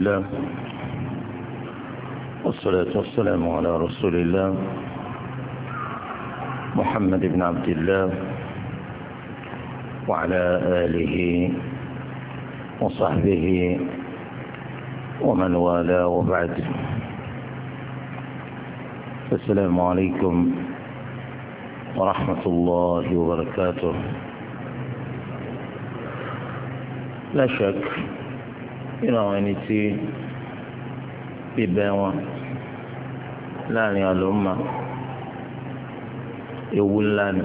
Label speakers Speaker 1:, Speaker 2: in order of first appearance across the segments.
Speaker 1: الله والصلاة والسلام على رسول الله محمد بن عبد الله وعلى آله وصحبه ومن والاه وبعد السلام عليكم ورحمة الله وبركاته لا شك nínú àwọn ẹni tí bíbẹ wọn láàrin àlòmà ewu ńlá ni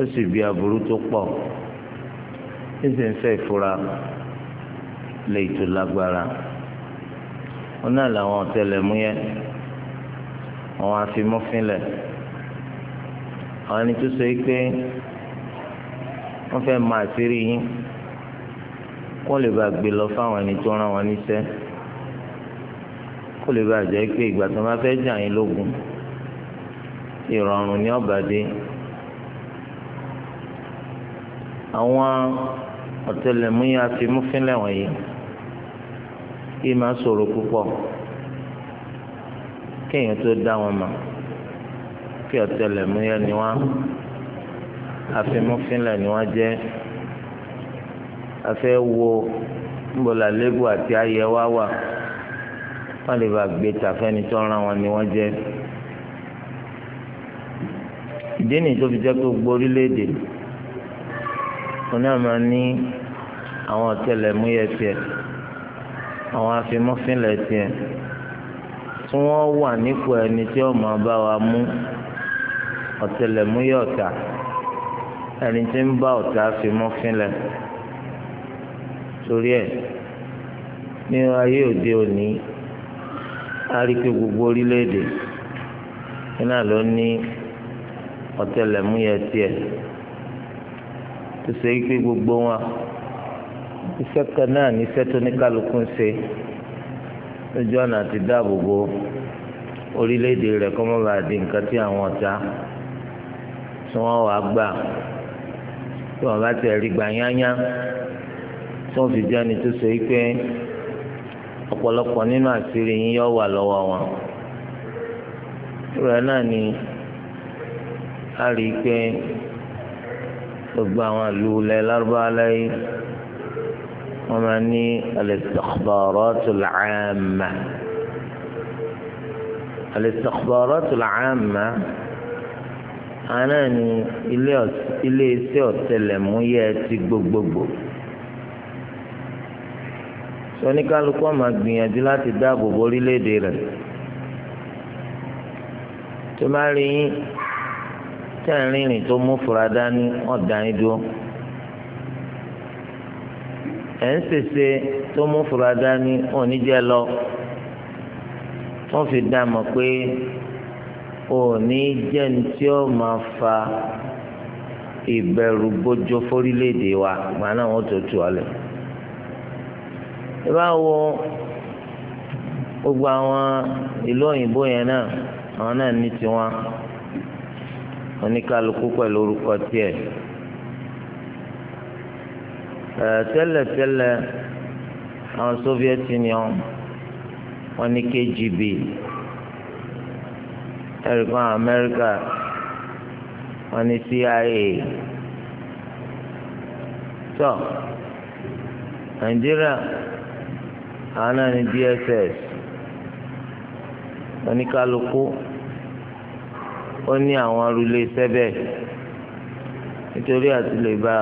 Speaker 1: ó sì bí aburú tó pọ̀ ẹsẹ̀ ń fẹ́ ìfura lè tó lágbára wọn náà làwọn ọ̀tẹlẹ̀múyẹ́ àwọn afimọ́fínlẹ̀ àwọn ẹni tó sọ yìí pé wọ́n fẹ́ máa ṣírí yín kó lè bá gbé lọ fáwọn ẹni tó rán wọn níṣẹ́ kó lè bá jẹ́ pé ìgbà tó máa fẹ́ jà yín lógun ìrọ̀rùn ní ọ̀bàdé àwọn ọ̀tẹlẹ̀múyẹ́ afimúfínlẹ̀ wọ̀nyí kí máa ṣòro púpọ̀ kéèyàn tó dá wọn mọ̀ kí ọ̀tẹlẹ̀múyẹ́ ni wọ́n afimúfínlẹ̀ ni wọ́n jẹ́ afẹ́ wo ńbọ̀là lébù àti ayẹ wá wà wọ́n lè bá gbé tàfẹ́ni tó ń ra wọn ni wọ́n jẹ́ ìdí nìyí tó fi jẹ́ pé gbogbo orílẹ̀-èdè wọn náà máa ní àwọn ọ̀tẹlẹ̀múyẹ́ tiẹ̀ àwọn afimọ́fínlẹ̀ tiẹ̀ tí wọ́n wà nípò ẹni tí wọ́n máa bá wa mú ọ̀tẹlẹ̀múyẹ́ ọ̀tá ẹni tí ń bá ọ̀tá afimọ́fínlẹ̀ tiẹ̀ torí ẹ̀ ní ayé òde òní a rí pé gbogbo orílẹ̀-èdè iná ló ní ọ̀tẹlẹ̀múyẹ́ tiẹ̀ tó ṣe é pé gbogbo wọn iṣẹ́ kan náà níṣẹ́ tó ní kálukú ń ṣe lójú ọ̀nà àti dáàbò bo orílẹ̀-èdè rẹ̀ kó má bàa di nǹkan tí àwọn ọ̀tá tí wọ́n wàá gbà tí wọ́n bá tẹ̀ rí gbà tí wọ́n fi jẹ́ ẹni tó ṣe pé ọ̀pọ̀lọpọ̀ nínú àṣírí yín yọ wà lọ́wọ́ wọn. ìrora náà ni a rí i pé gbogbo àwọn ìlú ilẹ̀ lárúbáwá lẹ́yìn wọ́n máa ní al-istikhbaratul 'amma al-istikhbaratul 'amma àná ni ilé iṣẹ́ ọ̀tẹlẹ̀múyẹ́ ti gbogbogbò oníkálukú ọmọ gbìyànjú láti dáàbò bo orílẹ̀-èdè rẹ̀ tó bá rí yín tẹ̀ ń rìnrìn tó mú fura dání ọ̀dà yín dúró ẹ̀ ń ṣèṣe tó mú fura dání oníjẹ́ lọ wọ́n fi dá mọ̀ pé òní jẹ́ ní tí ó máa fa ìbẹ̀rù bójó fórílẹ̀-èdè wa ìgbà náà wọ́n tó tù ọ́ lẹ̀ ẹ bá wo gbogbo àwọn ìlú òyìnbó yẹn náà àwọn náà ní tiwọn oníkálukú pẹ̀lú orúkọ tiẹ̀ tẹ́lẹ̀ àwọn Soviet Union wọ́n ní KGB ẹ̀rí fún Amẹ́ríkà wọ́n ní CIA tọ́ Nàìjíríà. So, àwọn náà ní DSS oníkálukú ó ní àwọn arúlé sẹ́bẹ̀ nítorí àti lè bá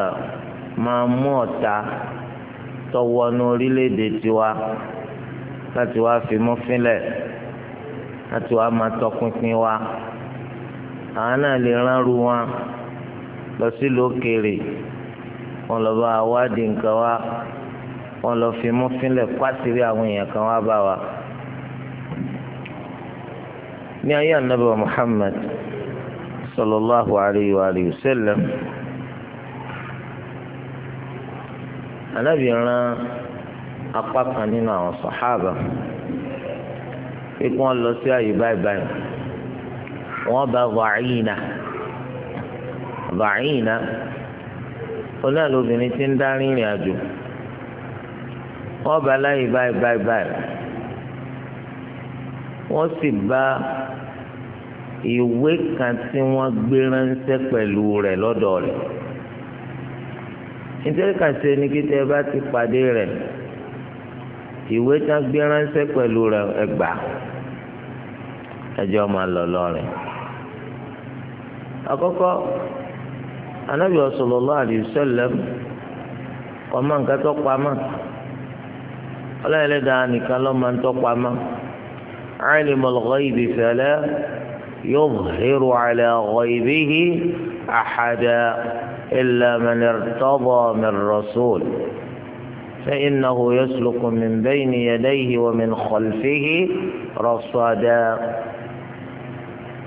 Speaker 1: máa mú ọ̀tá tọwọ́ ní orílẹ̀-èdè tiwa láti wá fimú fínlẹ̀ láti wá máa tọpinpin wa àwọn lè ránru wọn lọ sílùú òkèèrè wọn lọ bá wádìí nǹkan wa. wọn lọ fi mú fínlẹ̀ kwásìrí àwọn èèyàn kan wá bá wa. ní ayé ànábì wa Muhammad sallallahu alayhi wa alihi wa sallam ànábì rán apá kan nínú àwọn sàhábà pé lọ sí àyè báyìí wọ́n bá wọ́n bá láyé báyìí báyìí báyìí wọ́n sì bá ìwé kan tí wọ́n gbé ránṣẹ́ pẹ̀lú rẹ̀ lọ́dọ̀ rẹ̀ nítorí kàṣe ni kí tẹ́ bá ti pàdé rẹ̀ ìwé tán gbé ránṣẹ́ pẹ̀lú rẹ̀ ẹgbà ẹjọ́ máa lọ lọ́rìn. àkọ́kọ́ anábìyọ̀ sallallahu ọmọ nǹkan tó pamọ́. ọlọ́ọ̀lẹ́dàá nìkan ló máa ń tọ́pa mọ́ عالم الغيب فلا يظهر على غيبه أحدا إلا من ارتضى من رسول فإنه يسلك من بين يديه ومن خلفه رصدا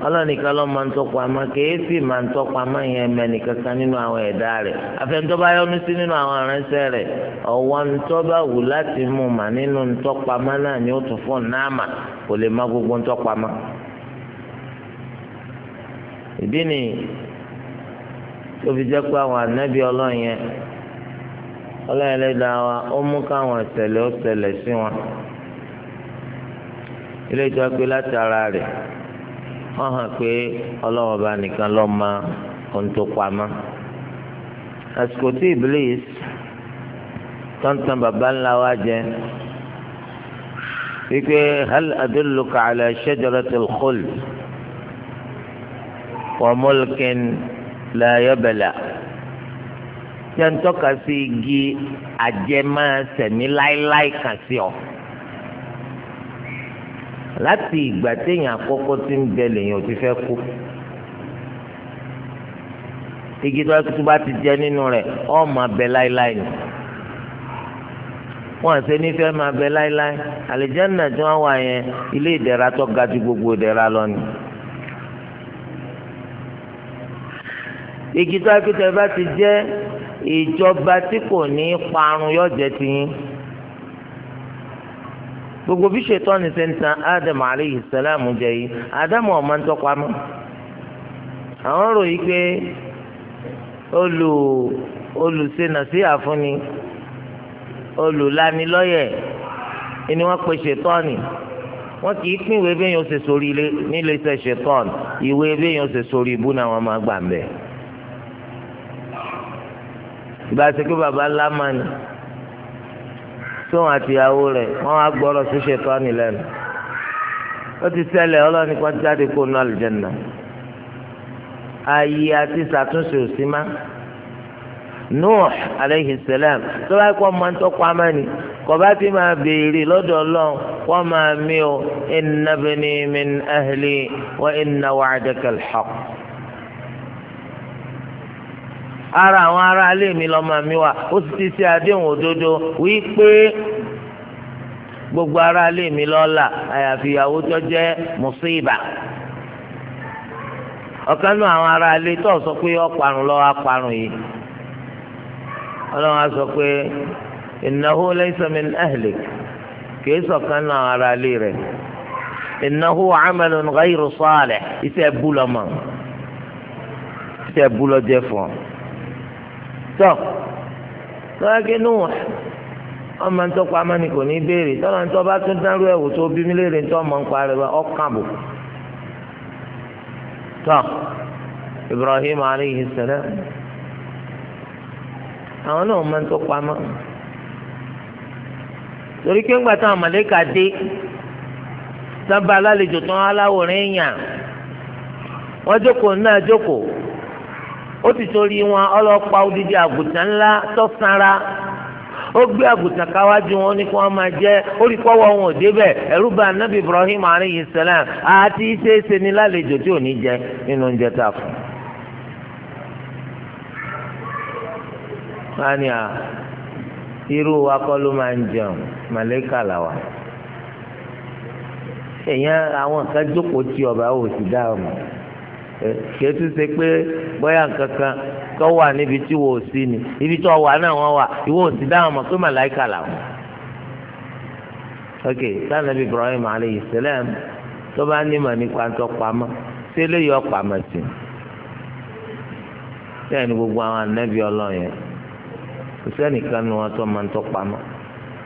Speaker 1: ọlọ́nìkan lọ́ máa ń tọ́pọ̀ àmọ́ kèéfì máa ń tọ́pọ̀ àmọ́ yẹn mẹ́ni nínú àwọn ẹ̀dá rẹ̀ afẹ́ntọ́ba yọnu sí nínú àwọn aránṣẹ́ rẹ̀ ọ̀wọ́ ntọ́ba wù láti mú mà nínú ntọ́pọ̀ àmọ́ náà ni ó tún fún náàmà kò lè má gbogbo ntọ́pọ̀ àmọ́. ìdí ni tó fi jẹ́ pé àwọn ànábì ọlọ́run yẹn ọlọ́run ẹlẹ́dàá wa ó mú káwọn ìṣẹ̀lẹ̀ ó ṣẹlẹ̀ wọ́n hàn pé ọlọ́wọ́n bá nìkan lọ́ ma ohun tó pamọ́. àsìkò tí Iblis tọ́ntàn bàbá ńlá wa jẹ wípé hal adulluka ala shajaratil khuld wa mulkin la yabla jẹ́ ń tọ́ka sí igi àjẹmọ́ sẹ̀mí láéláé kàn sí ọ láti ìgbà téèyàn àkọ́kọ́ ti ń bẹ lèèyàn ti fẹ́ kú igi tó tó bá ti jẹ nínú rẹ̀ ọ máa bẹ láéláé ni wọn àti onífẹ́ máa bẹ láéláé àlìjáná tí wọ́n wà yẹn ilé ìdẹ̀ra tó ga ju gbogbo ìdẹ̀ra lọ ni. igi tó akitẹ bá ti jẹ ìjọba tí kò ní parun yóò tiyín gbogbo bí ṣètọ́ni ṣe ń tan ádámù alayhi sàlámù jẹ yìí ádámù ọ̀mọ ń tọ́pa mọ́ àwọn ròyìn pé olù olùsènà sí àfúnni olùlanilọ́yẹ̀ ni wọ́n pe ni wọ́n kì í pín ìwé bẹ́ẹ̀ yẹn ó ṣe sórí nílé iṣẹ́ ṣetán ìwé bẹ́ẹ̀ yẹn sórí ibú náà wọ́n máa gbà ń bẹ̀. ìgbà tí kí baba ńlá máa ní tóun àtìyàwó rẹ̀ wọ́n á gbọ́rọ̀ sí ṣètọ́ni lẹ́nu ó ti ṣẹlẹ̀ ọlọ́ni kan jáde kó nu àlùjànnà ayé àti ṣàtúnṣe òsì má Nuh aleyhi salam tó bá kọ́ máa ń tọ́kọ́ amáni kọba ti máa béèrè lọ́dọ̀ Ọlọ́run wọ́n máa mí o inna bani min ahli wa inna wa'daka al ara àwọn ara ilé mi lọ́mọ mi wà ó sì ti ṣe àdéhùn òdodo wípé gbogbo ará ilé mi lọ́la àyàfi ìyàwó tó jẹ́ mùsíbà ọ̀kan náà àwọn ará ilé tó sọ pé ọ̀parun lọ́wọ́ aparun yìí ọlọ́run á sọ pé innahu laysa min kìí sọ̀kan náà àwọn ará ilé rẹ̀ innahu amalun ghayru salih iṣẹ́ bú lọ́mọ iṣẹ́ bú lọ́jẹ́ fún ọ. tọ́ lọ́wọ́gé níwọ̀n ọmọ ń tọ́kọ amáni kò ní béèrè tọ́lá ń bá tún dárú ẹ̀wò tó bí mílíọ̀nù tó mọ̀ ń ọ̀kan bò tọ́ Ibrahim aleyhi sẹlẹ̀ àwọn náà máa ń tọ́kọ torí pé ńgbà táwọn mọ̀lẹ́kà dé sábà alálejò tán aláwòrán wọ́n jókòó náà jókòó. ó ti torí wọn ọlọ́pàá odidi àgùntàn ńlá tọ́sára ó gbé àgùntàn káwájú wọn ní kí wọ́n máa jẹ́ ó rí pọ́wọ́ wọn ò débẹ̀ ẹ̀rú bá anábì Ibrahim aleyhi salam àti ṣeéṣe ní lálejò tí ò ní jẹ nínú oúnjẹ tá a fún. wani a irú wa máa ń jẹun màlẹ́kà làwà èèyàn àwọn kan jókòó tí ọba ò sì dá ọmọ kì í tún ṣe pé bóyá nǹkan kan tó wà níbi tí wò ó sí ni ibi tó wà náà wọ́n wà ìwọ ò sì dáhùn mọ̀ pé màláìkà làwọn. ok sanabi Ibrahim alayhi salam tó bá nímọ̀ nípa tó pamọ́ sí eléyìí ọ̀pamọ́ sí i bẹ́ẹ̀ ni gbogbo àwọn ànábì ọlọ́run yẹn kò sẹ́nìkan nu wọn tó máa ń tọ́ pamọ́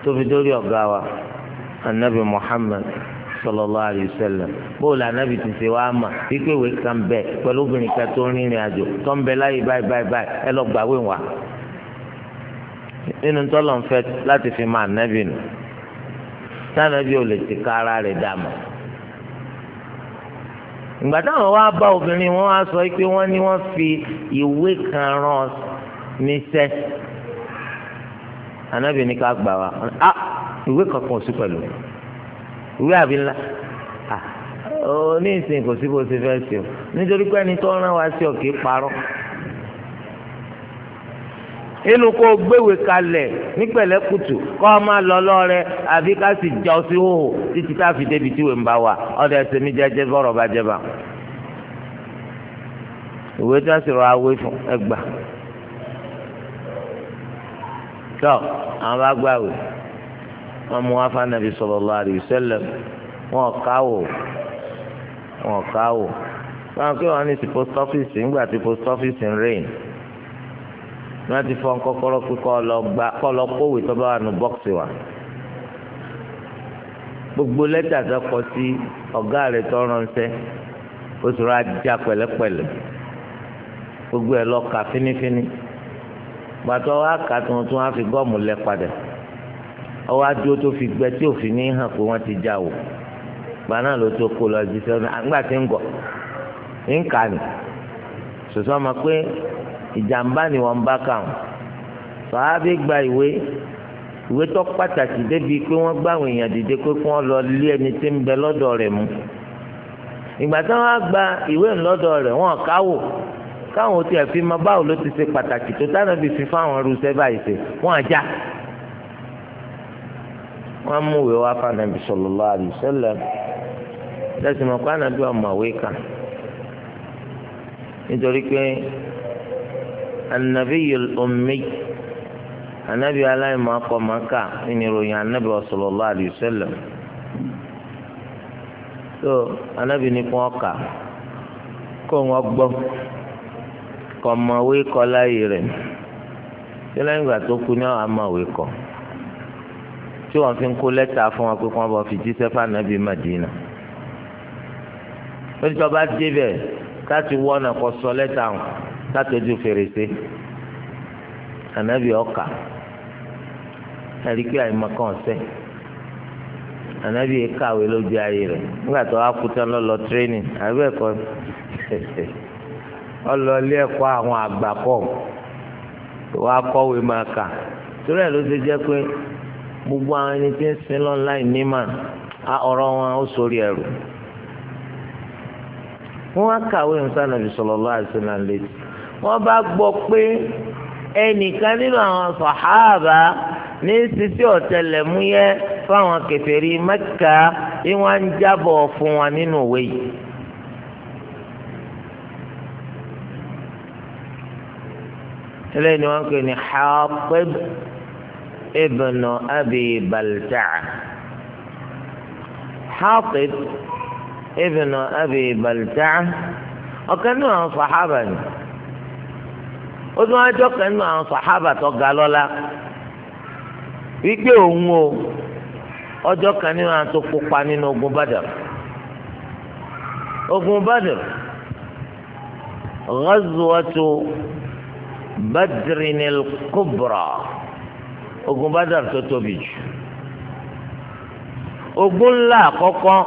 Speaker 1: tóbi dórí ọ̀gá wa ànábì Muhammad sallallahu alaihi wasallam bóòlù ànábì ti ṣe wá mà wípé ìwé kan bẹ pẹ̀lú obìnrin kan tó ń rìnrìn àjò tó ń bẹ láyé báyìí báyìí báyìí ẹ lọ gbàwé wà. nínú tọ́lọ̀ ń fẹ́ láti fi máa ànábì nù tànábì ò lè ti ká ara rẹ̀ dà mọ́. ìgbà táwọn wá bá obìnrin wọn wá sọ pé wọ́n ní wọ́n fi ìwé kan rán níṣẹ́ ànábì ní ká gbà wá. ah ìwé kankan ò sí pẹ̀lú mi ìwé àbí ńlá ní kò sí bó ṣe fẹ́ sí o nítorí pé ẹni tó rán wa sí ọ kì í parọ́ inú kó gbéwèé kalẹ̀ ní pẹ̀lẹ́kùtù kọ́ ọ máa lọ lọ́rẹ́ àbí ká sì jọ sí hòhò títí tá fi débi tí ìwé ń bá wa ọ̀dọ̀ ẹsẹ̀ mi jẹ́jẹ́ bọ́rọ̀ bá jẹ́ bá ìwé tí wọ́n sì rọ awé fún ẹgbàá
Speaker 2: tọ́ àwọn bá
Speaker 1: gbàwé wọn mú wáfà nàbí sallallahu alaihi wasallam wọn káwò wọn káwò wọn kí wọn ní ti post office ńgbà tí post office ń rìn wọn ti fọ kọ́kọ́rọ́ pé kọ lọ gba kọ lọ kówè tó bá wà nù bọ́ọ̀sì wa gbogbo lẹ́tà tó kọ sí ọ̀gá rẹ̀ tó ránṣẹ́ ó sọ̀rọ̀ ajá pẹ̀lẹ́pẹ̀lẹ́ gbogbo ẹ̀ lọ fínífíní gbàtọ́ wa kà tó tún wá fi gọ́ọ̀mù lẹ padà ọwọ́ adúró tó fi gbẹ tí òfin ní hàn pé wọ́n ti já o gbaná ló tó kó lọ jí sẹ́wọ́n àgbà tí ń gọ̀ ń kà ní sòsọ́ pé ìjàmbá ni wọ́n bá kà wọ́n fàábí gba ìwé ìwé tó pàtàkì débi pé wọ́n gbá àwọn èèyàn dìde pé kí wọ́n lọ lé ẹni tí ń bẹ lọ́dọ̀ rẹ̀ mú ìgbà tí wọ́n gba ìwé ńlọ́dọ̀ rẹ̀ wọ́n káwò káwọn ò tiẹ̀ fi mọ báwo ló ti ṣe pàtàkì tó tánà bí fi fáwọn rúṣẹ́ báyìí ṣe wọ́n á já wọ́n mú ìwé wá fún anabi sallallahu alaihi wasallam lẹ́sìn mọ̀ pé anabi ọ̀mọ̀wé kan nítorí pé annabiyul ummi anabi aláìmọ̀ akọ màkà ní ìròyìn anabi sallallahu alaihi wasallam so anabi ní kún ọkà kó wọn gbọ́ kọ̀mọ̀wé kọ́ láyé rẹ̀ tí lẹ́yìn ìgbà tó kú ní àwọn amọ̀wé kọ́ tí wọ́n fi ń kó lẹ́tà fún wọn pé kí wọ́n bọ̀ fi jíṣẹ́ fànàbí Madina lójútọ́ bá débẹ̀ láti wọ́nà kó sọ lẹ́tà hàn látọjú fèrèsé ànábì ọkà àríkí àìmọ̀kan ọ̀sẹ̀ ànábì kàwé lójú ayé rẹ̀ nígbà tó wàá kúta lọ́lọ́ tírénìn àbẹ́ ẹ̀kọ́ ọlọ́ọ̀lé ẹ̀kọ́ àwọn àgbà kọ̀ wàá kọ́wé máa kà torí ẹ̀ ló ṣe jẹ́ pé gbogbo àwọn ẹni tí ń sin lọ́n láì á ọ̀rọ̀ wọn ó sórí ẹrù wọ́n wá kàwé nsánàbì sallallahu alaihi létí wọ́n bá gbọ́ pé ẹnìkan nínú àwọn sàhábà ní sisi ọ̀tẹlẹ̀múyẹ́ fáwọn kèfèrí Mẹ́kà tí wọ́n ń jábọ̀ fún wọn nínú òwe ni ابن أبي بلتعة حاطب ابن أبي بلتعة وكانوا عن صحابة وذو أجو كانوا عن صحابة وقالوا لا wípé òun o
Speaker 2: ọjọ́ kan nínú àwọn tó kópa nínú ogun Badr
Speaker 1: ogun Badr ghazwatu Badrinil Kubra ogun badar tó tóbi jù ogun ńlá àkọ́kọ́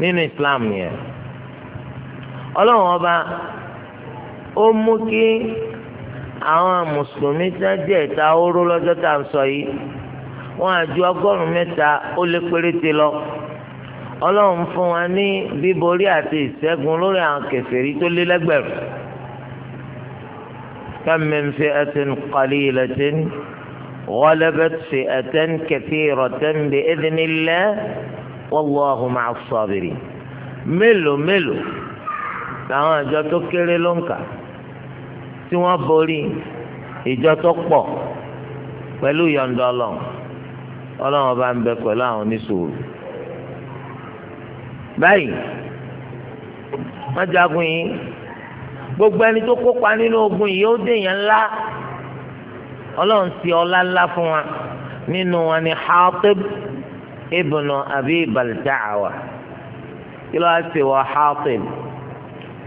Speaker 1: nínú islam yẹn ọlọ́run ọba ó mú kí àwọn mùsùlùmí tí wọ́n jẹ́ ìta oró lọ́jọ́ tá à ń sọ yìí wọ́n á ju ọgọ́rùn-ún mẹ́ta ó lé péréte lọ ọlọ́run fún wa ní bíborí àti ìṣẹ́gun lórí àwọn kèfèrí tó lé lẹ́gbẹ̀rún. كم من فئة قليلة غلبت فئة كثيرة بإذن الله والله مع الصابرين mélòó mélòó làwọn àjọ tó kéré ló ń kà tí wọ́n borí ìjọ tó pọ̀ pẹ̀lú yọ̀ǹda ọlọ́run ọlọ́run ọba ń bẹ pẹ̀lú àwọn oníṣòwò báyìí wọ́n jagun yìí gbogbo ẹni tó kópa nínú ogun yìí ó dèèyàn ńlá ọlọ́run ti ọlá ńlá fún wa nínú wọn ni Hatib ibn Abi Balta'a kí ló wá sí wa Hatib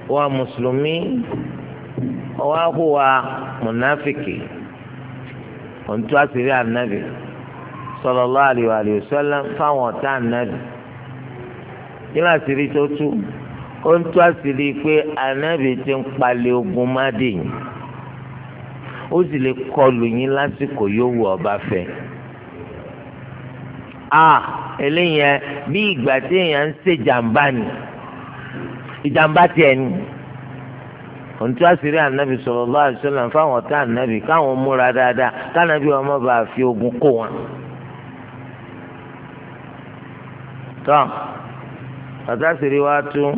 Speaker 1: wa mùsùlùmí wa huwa mùnáfìkì òǹtú àṣírí ànábì sallallahu alaihi wa sallam fáwọn ọ̀tá ànábì kí ló àṣírí tó tú. ó ń tú àṣírí pé ti ń palẹ̀ ogun mádì yìí ó sì lè kọlù yín lásìkò yòówù ọba fẹ́ a eléyẹn bí ìgbà tí èèyàn ń ṣe jàǹbá ni ìjàǹbá tiẹ̀ ni òǹtí àṣírí ànábì sallallahu alaihi wasallam fáwọn ọ̀tá ànábì káwọn múra dáadáa kánábì ọmọ bá fi ogun kó wọn. tọ́ ọ̀tá àṣírí wa tún.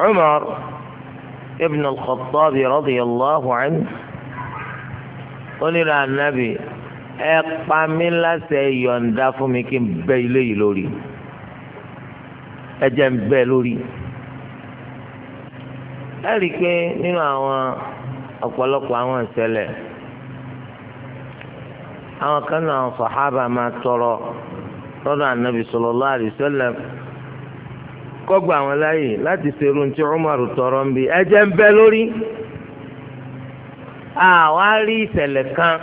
Speaker 1: Umar ibn al-Khattab radiyallahu anhu onírà ànábì ẹ pa mí láṣẹ yọ̀ǹda fún mi kí n bẹ ilé yìí lórí ẹ jẹ́ n bẹ lórí ẹ rí i pé nínú àwọn ọ̀pọ̀lọpọ̀ àwọn ìṣẹ̀lẹ̀ àwọn kan náà sàhábà máa tọrọ lọ́dọ̀ ànábì sallallahu alaihi wasallam kọgbà àwọn láàyè láti ṣerun tí Umaru tọrọ ń bi ẹ̀jẹ̀ ń bẹ lórí àwa rí ìṣẹ̀lẹ̀ kan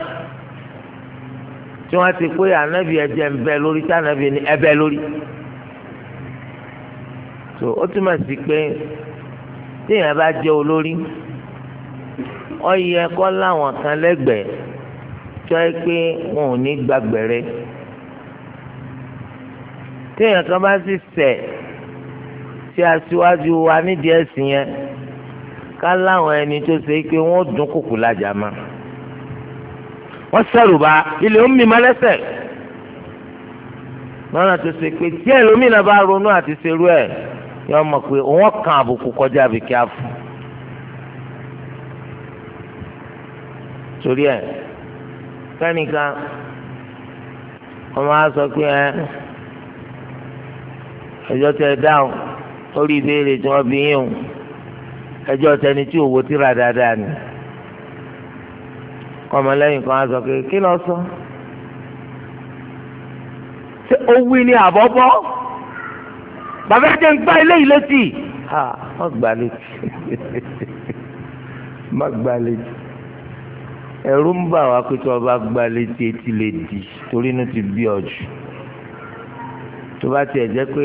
Speaker 1: tí wọ́n ti pé ànábì ẹ̀jẹ̀ ń bẹ lórí tí ànábì ní ẹbẹ lórí so ó túmọ̀ sí pé téèyàn bá jẹ́ olórí ó yẹ kó láwọn kan lẹ́gbẹ̀ẹ́ tí wọ́n pé wọn ò ní gbàgbẹ́rẹ́ téèyàn kan bá sì ṣẹ̀ sí aṣíwájú wa nídìí ẹ̀sìn yẹn ká láwọn ẹni tó ṣe pé wọ́n dún kùkù lájà má wọ́n sẹ̀rù bá ilé ń mímọ́ lẹ́sẹ̀ lọ́nà tó ṣe pé tí ẹlòmínà bá ronú àti ṣerú ẹ̀ yọ mọ̀ pé wọ́n kan àbùkù kọjá àbíkẹ́ àfọ̀ torí ẹ̀ kẹ́nìkan ọmọ á sọ pé ẹ ẹjọ́ tẹ dáhùn orí ìbéèrè tí wọ́n fi yín o ẹjọ́ tẹni tí òwò ti rà dáadáa ni kọ́mọlẹ́yìn kan á sọ pé kí lọ sọ ṣé ó wí ní àbọ̀bọ̀ bàbá jẹ́ ń gbá ilé yìí létí ha wọ́n gbà létí má gbà létí ẹ̀rù ń bà wá pé tí wọ́n bá gbà létí etí lè di torí inú ti bí ọ tó bá tiẹ̀ jẹ́ pé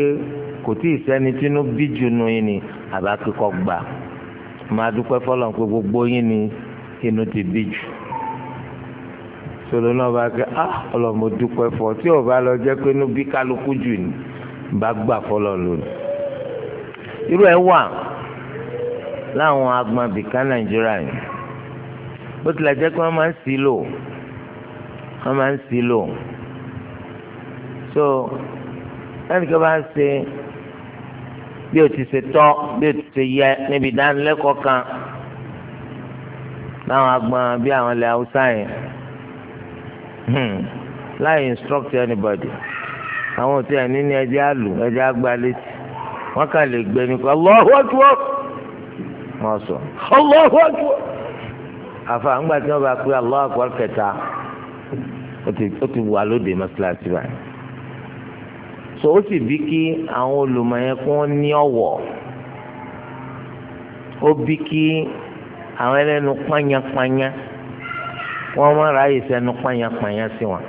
Speaker 1: kò tí ì sẹ́ni tínú bí jù nù yín ni àbá kíkọ́ gbà máa dúpẹ́ fọlọ́n pé gbogbo yín ni inú ti bí jù sọlọ́nà bá kẹ́ á ah, ọlọ́mọ dúpẹ́ fọ tí ò bá lọ jẹ́ pé inú bí kálukú jù ni bá gbà fọlọ́n lónìí irú ẹ̀ wà láwọn agbọ̀nbìkà nàìjíríà yìí bó tilẹ̀ jẹ́ pé wọ́n máa ń sí lò wọ́n máa ń sí lò so ẹnìkan bá ń ṣe bí o ti ṣe tọ́ bí o ti ṣe yẹ níbi ìdánilẹ́kọ̀ọ́ kan láwọn agbọn bí àwọn ilẹ̀ haúsá yẹn hmm. láì instruct anybody àwọn òtí ẹ̀ nínú ẹjẹ́ àlù ẹjẹ́ agbálẹ́tì wọ́n kà lè gbé ní kọ́ Allahu Akbar wọ́n sọ Allahu Akbar àfa ńgbà tí wọ́n bá pé Allahu Akbar kẹta ó ti wà lóde mọ́sálásí báyìí so ó sì bí kí àwọn olùmọ̀ yẹn kí wọ́n ní ọ̀wọ̀ ó bí kí àwọn ẹlẹ́nu pányápányá wọ́n má ráyè sẹ́nu pányápányá sí wọn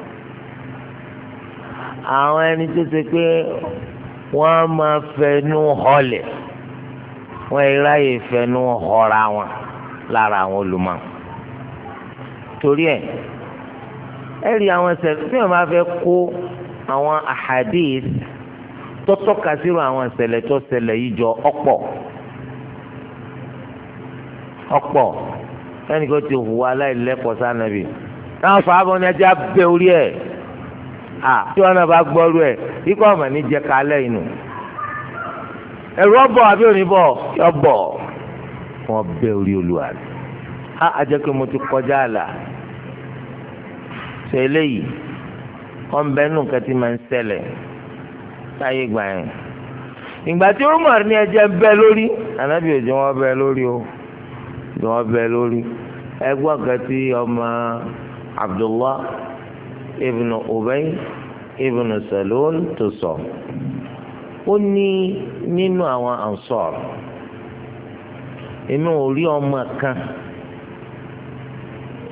Speaker 1: àwọn ẹni tó ṣe pé wọ́n máa fẹnu họlẹ̀ wọ́n ráyè fẹnu họra wọn lára àwọn olùmọ̀ torí ẹ̀ ẹ àwọn ẹsẹ̀ tí wọ́n bá fẹ́ kó àwọn ahadith tó tọ́ka sírò àwọn ìṣẹ̀lẹ̀ tó ṣẹlẹ̀ yìí jọ ọ̀pọ̀ ọ̀pọ̀ ẹnì kan ti hùwà aláìlẹ́kọ̀ọ́ sànàbì táwọn fàábọn ní ẹjẹ abẹ́ orí ẹ̀ à tí wọn náà bá gbọ́rú ẹ̀ ikọ̀ ọ̀mà ní jẹ kalẹ̀ inú ẹ̀rú ọ̀bọ̀ àbí òníbọ̀ ọ̀bọ̀ wọn bẹ́ orí olúwa rẹ̀ á àjẹkẹ́ mo ti kọjá àlà ṣẹlẹ̀ yìí wọn bẹ nù kẹtì máa ń ṣẹlẹ̀ táyé gbà yẹn ìgbà tí Umar ní ẹjẹ bẹ lórí ànábì òjò wọn bẹ lórí o òjò wọn bẹ lórí ẹgbọn kẹtì ọmọ Abdullah ibn Ubay ibn Salul tó sọ ó ní nínú àwọn ansọr èmi ò rí ọmọ kan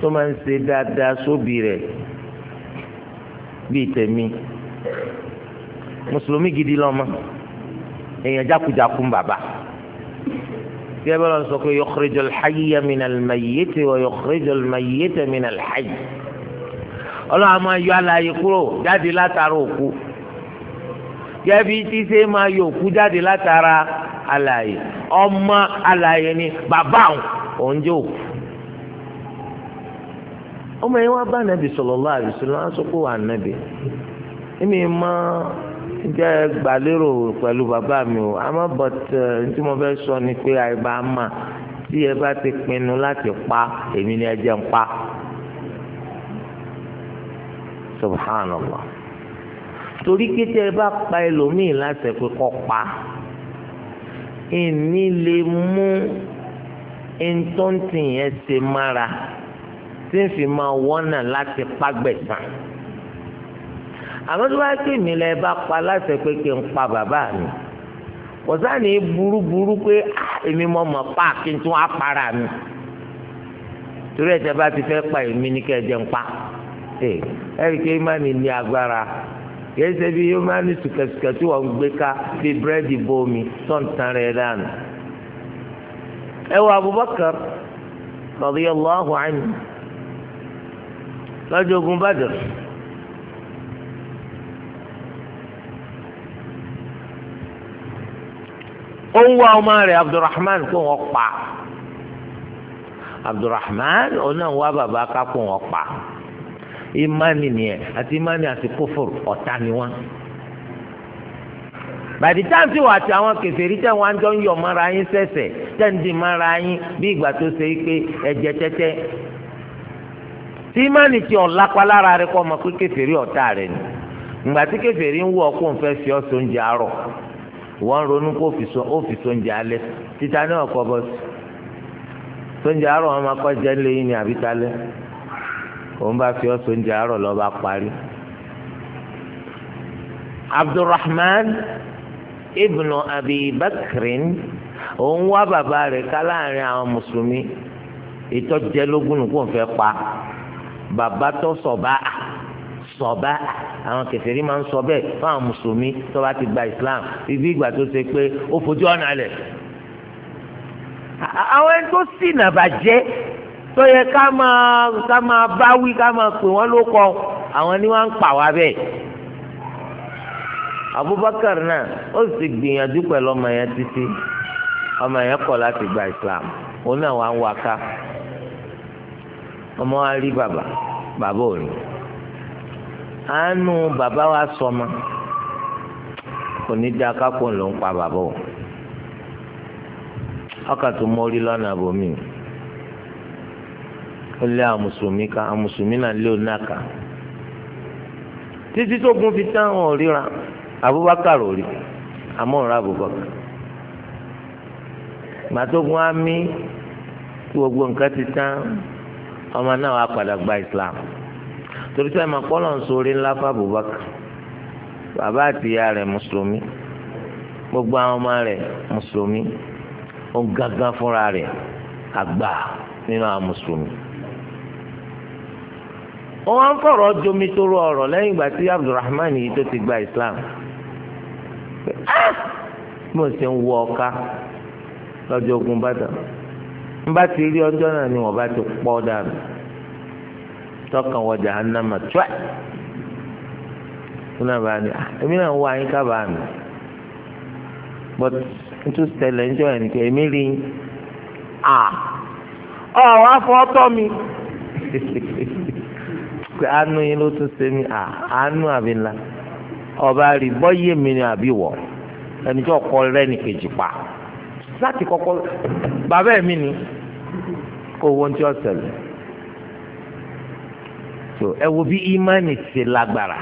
Speaker 1: tó máa ń ṣe dáadáa sóbì rẹ̀ bíi tèmi mùsùlùmí gidi lọ́mọ èèyàn jákujàku bàbá gẹ́gẹ́ bá lọ́n sọ pé yukhrijul hayya minal mayyiti wa yukhrijul mayyita minal hayy ọlọ́run a máa yọ alààyè kúrò jáde látara òkú gẹ́gẹ́ bí tí ṣe máa yọ òkú jáde látara alààyè ọmọ alààyè ni bàbá òun jẹ́ òkú ọmọ yẹn wá bá nàbì sallallahu alaihi wasallam á sọ pé wà nàbì èmi mọ jẹ́ gbàlérò pẹ̀lú bàbá mi o àmọ́ but eh, tí mo fẹ́ sọ ni pé àìbá mà tí ẹ bá ti pinnu láti pa èmi ni ẹ jẹ́ ń pa subhanallah torí kété ẹ bá pa ẹlòmíì láti ẹ pé kọ́ pa ìní lè mú ẹ̀ńtọ́ntì yẹn ṣe mára tí ń fi máa wọ́nà láti pàgbẹ̀sán àmọ́ tó bá pè mí lẹ́ bá pa láṣẹ pé kí n pa bàbá mi kò sáàní burúburú pé èmi mọ̀ mọ̀ páàkì tún á para mi torí ẹ̀jẹ̀ bá ti fẹ́ pa èmi ní kẹjẹ ń pa ẹ̀rí pé ìmánì ní agbára kìí ṣe bí ìmánì sùkẹ̀sùkẹ̀ tí wọ́n ń gbé ká bí búrẹ́dì bómi tó ń tan rẹ̀ dànù ẹ wọ Abubakar radiyallahu anhu lọ́jọ́ ogun Badr ó ń wá ọmọ rẹ̀ Abdulrahman kó wọ́n pa Abdulrahman òun náà wá bàbá ká kó wọ́n pa imani nìyẹn àti imani àti kófòrò ọ̀tá ni wọ́n bàtí táǹtì wà tí àwọn kèfèrí tẹ̀ wọ́n jọ ń yọ̀ mọ́ra yín sẹ̀sẹ̀ tẹ̀ ń di mọ́ra yín bí ìgbà tó ṣe é pé ẹ̀jẹ̀ tẹ́tẹ́ tí ìmánì tí ọ̀ lápá lára rẹ kọ́ ọmọ pé kèfèrí ọ̀tá rẹ ni ìgbà tí kèfèrí ń wú ọkọ ń fẹ́ fi ọ́ sóúnjẹ àárọ̀ wọ́n ń ronú kó ó fi sóúnjẹ alẹ́ títa ní ọ̀kọ́ bọ́ sí sóúnjẹ àárọ̀ wọn máa kọ́ jẹ́ lẹ́yìn ní àbítalẹ́ òun bá fi ọ́ sóúnjẹ àárọ̀ lọ́ọ́ bá parí. Abdulrahman ibnu Abi Bakrin òun wá bàbá rẹ̀ ká láàrin àwọn mùsùlùmí ìtọ́jẹ́lógún nìkún fẹ́ pa bàbá tó sọ̀bá sọ̀bá àwọn kèfèrí máa ń sọ bẹ́ẹ̀ fáwọn mùsùlùmí tó bá ti gba islam ibi ìgbà tó ṣe pé ó fojú ọ̀nà lẹ̀. àwọn ẹni tó sì nàbàjẹ́ tó yẹ ká máa ká máa báwí ká máa pè wọ́n ló kọ àwọn ni wọ́n ń pa wá bẹ́ẹ̀. Abubakar náà ó sì gbìyànjú pẹ̀lú ọmọ yẹn títí ọmọ yẹn kọ̀ láti gba islam òun náà wà ń wá ká ọmọ wa rí bàbá bàbá ò rí àánú bàbá wa sọmọ kò ní da kápò ló ń pa bàbá o ọkàn tó mórí lọ́nà àbòmí ó lé àwọn mùsùlùmí ká àwọn mùsùlùmí náà lé òun náà ká títí tó gun fi tán wọn ò Abubakar ò rí Abubakar màtógun á mí tí gbogbo nǹkan ti tán ọmọ náà wàá padà gba islam torí sẹ́yìn máa pọ́lọ̀ ń sori ńlá fún Abubakar bàbá àti ìyá rẹ̀ mùsùlùmí gbogbo àwọn ọmọ rẹ̀ mùsùlùmí ó gángan fúnra rẹ̀ àgbà nínú àwọn mùsùlùmí. ó wá ń fọ̀rọ̀ jomi toro ọ̀rọ̀ lẹ́yìn ìgbà tí Abdulrahman yìí tó ti gba islam ah! mo sì ń wọ ọ̀ka lọ́jọ́ ogun Badr nba ti rí ọjọ́ náà ni wọ́n bá ti pọ́ dànù tọkàn wọ jahannama tíwá tó náà bá ní ah, èmi náà wọ àyíká bá mi but nítorí tẹlẹ ń jọ ẹ̀ nìkan èmi rí à ah, ọ̀ wá fọ́ tọ́ mi pé àánú yín ló tún ṣe mí ah, àánú àbí ńlá ọba rí bọ́yé mi ni àbí wọ̀ ẹnìjọ́ kọ́ rẹ́ nìkejì pa láti kọ́kọ́ bàbá ẹ̀mí ni kó wọ́n ti ọ̀sẹ̀lẹ̀ so ẹ wo bí ìmánì ti lágbára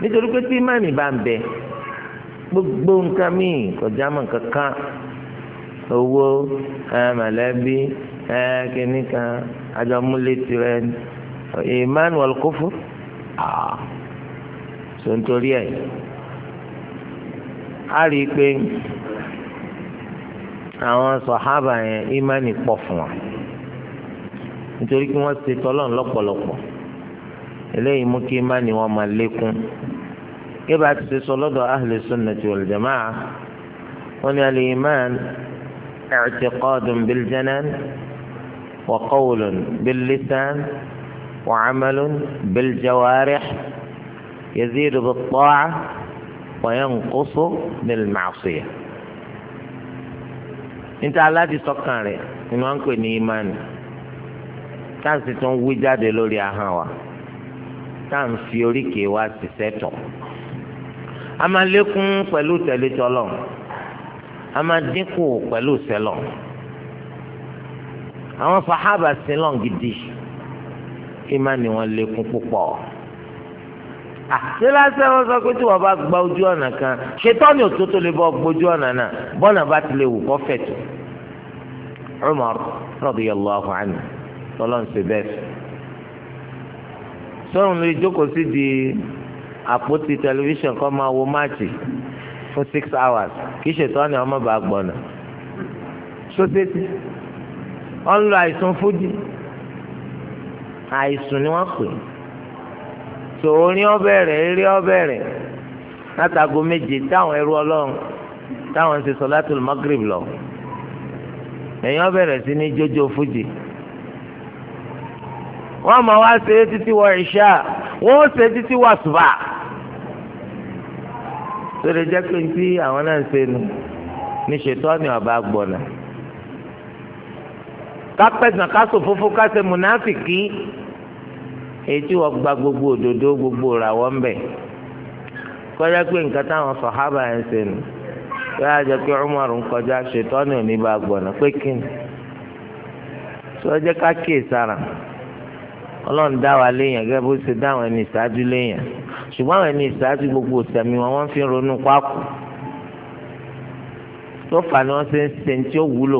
Speaker 1: nítorí pé tí ìmánì bá ń bẹ gbogbo nǹkan míì kọjá mọ́ nǹkan kan owó mọ̀lẹ́bí kìnnì kan àjọmúlé tirẹ̀ ìmánì wal kufur ah. so nítorí ẹ̀ a rí i pé àwọn sọ̀hábà yẹn ìmánì pọ̀ fún wa nítorí kí wọ́n ṣe tọ́lọ́n lọ́pọ̀lọpọ̀ eléyìí mú kí ìmánì wọn máa lékún kí bá ti ṣe sọ lọ́dọ̀ ahli sunnati wal jamaa wọ́n ní al-iman i'tiqadun bil janan wa qawlun bil lisan wa 'amalun bil jawarih yazidu bit ta'ah wa yanqusu bil ma'siyah níta aláti sọ́kàn rẹ̀ ni wọ́n ń pè ní ìmánì táǹsì tó ń wí jáde lórí ahọ́n wa táǹsì oríkèé wa ti sẹ́tọ̀ a máa lékún pẹ̀lú tẹ̀lé a máa dínkù pẹ̀lú sẹ́lọ̀ àwọn sàhábà sílọ̀ gidi Imani wọn lékún púpọ̀. Ah, ṣé lásán wọn sọ pé tí wọn bá gba ojú ọ̀nà kan ṣètọ́ni òtótó lè bọ́ gbójú ọ̀nà náà bọ́nà bá ti lè wù kọ́ fẹ̀tù. Umar radiyallahu anhu tọ́lọ́n ṣe bẹ́ẹ̀ sọ́run lè jókòó sí di àpótí tẹlifíṣàn kọ́ máa wo máàcì fún six hours kì í ṣètọ́ni ọmọ bá gbọ́nà sótẹ́tì ọ̀n lo àìsàn fújì àìsàn ni wọ́n pè é tó orin ọbẹ̀rẹ̀ eré ọbẹ̀rẹ̀ látago méje táwọn ẹrú ọlọ́run táwọn ń ṣe sọ̀látùl Maghrib lọ ẹ̀yin ọbẹ̀rẹ̀ sí ní jójó fújì wọ́n máa wá ṣe é títí wọ ìṣá wọ́n ó ṣe é títí wọ àṣùbà tó lè jẹ́ pé tí àwọn náà ń ṣe nu ní ṣètò ọ̀nì ọba gbọ̀nà kápẹ́sàn kásò fúnfún kásẹ̀ mùnáfìkì. èyí tí wọ́n gba gbogbo òdodo gbogbo ràwọ́ ń bẹ̀ kọjá pé nǹkan táwọn sọ̀hábà ń ṣe nù yóò jẹ́ pé Umar ń kọjá ṣètọ́nù oníbà gbọ̀nà pé kí ni sọjẹ́ ká sára ọlọ́run dá wa léèyàn gẹ́gẹ́ bó ṣe dá ẹni ìṣáájú léèyàn ṣùgbọ́n àwọn ẹni ìṣáájú gbogbo wọn wọ́n fi ronú pákó tó fà ni wọ́n ṣe ń ṣe tí ó wúlò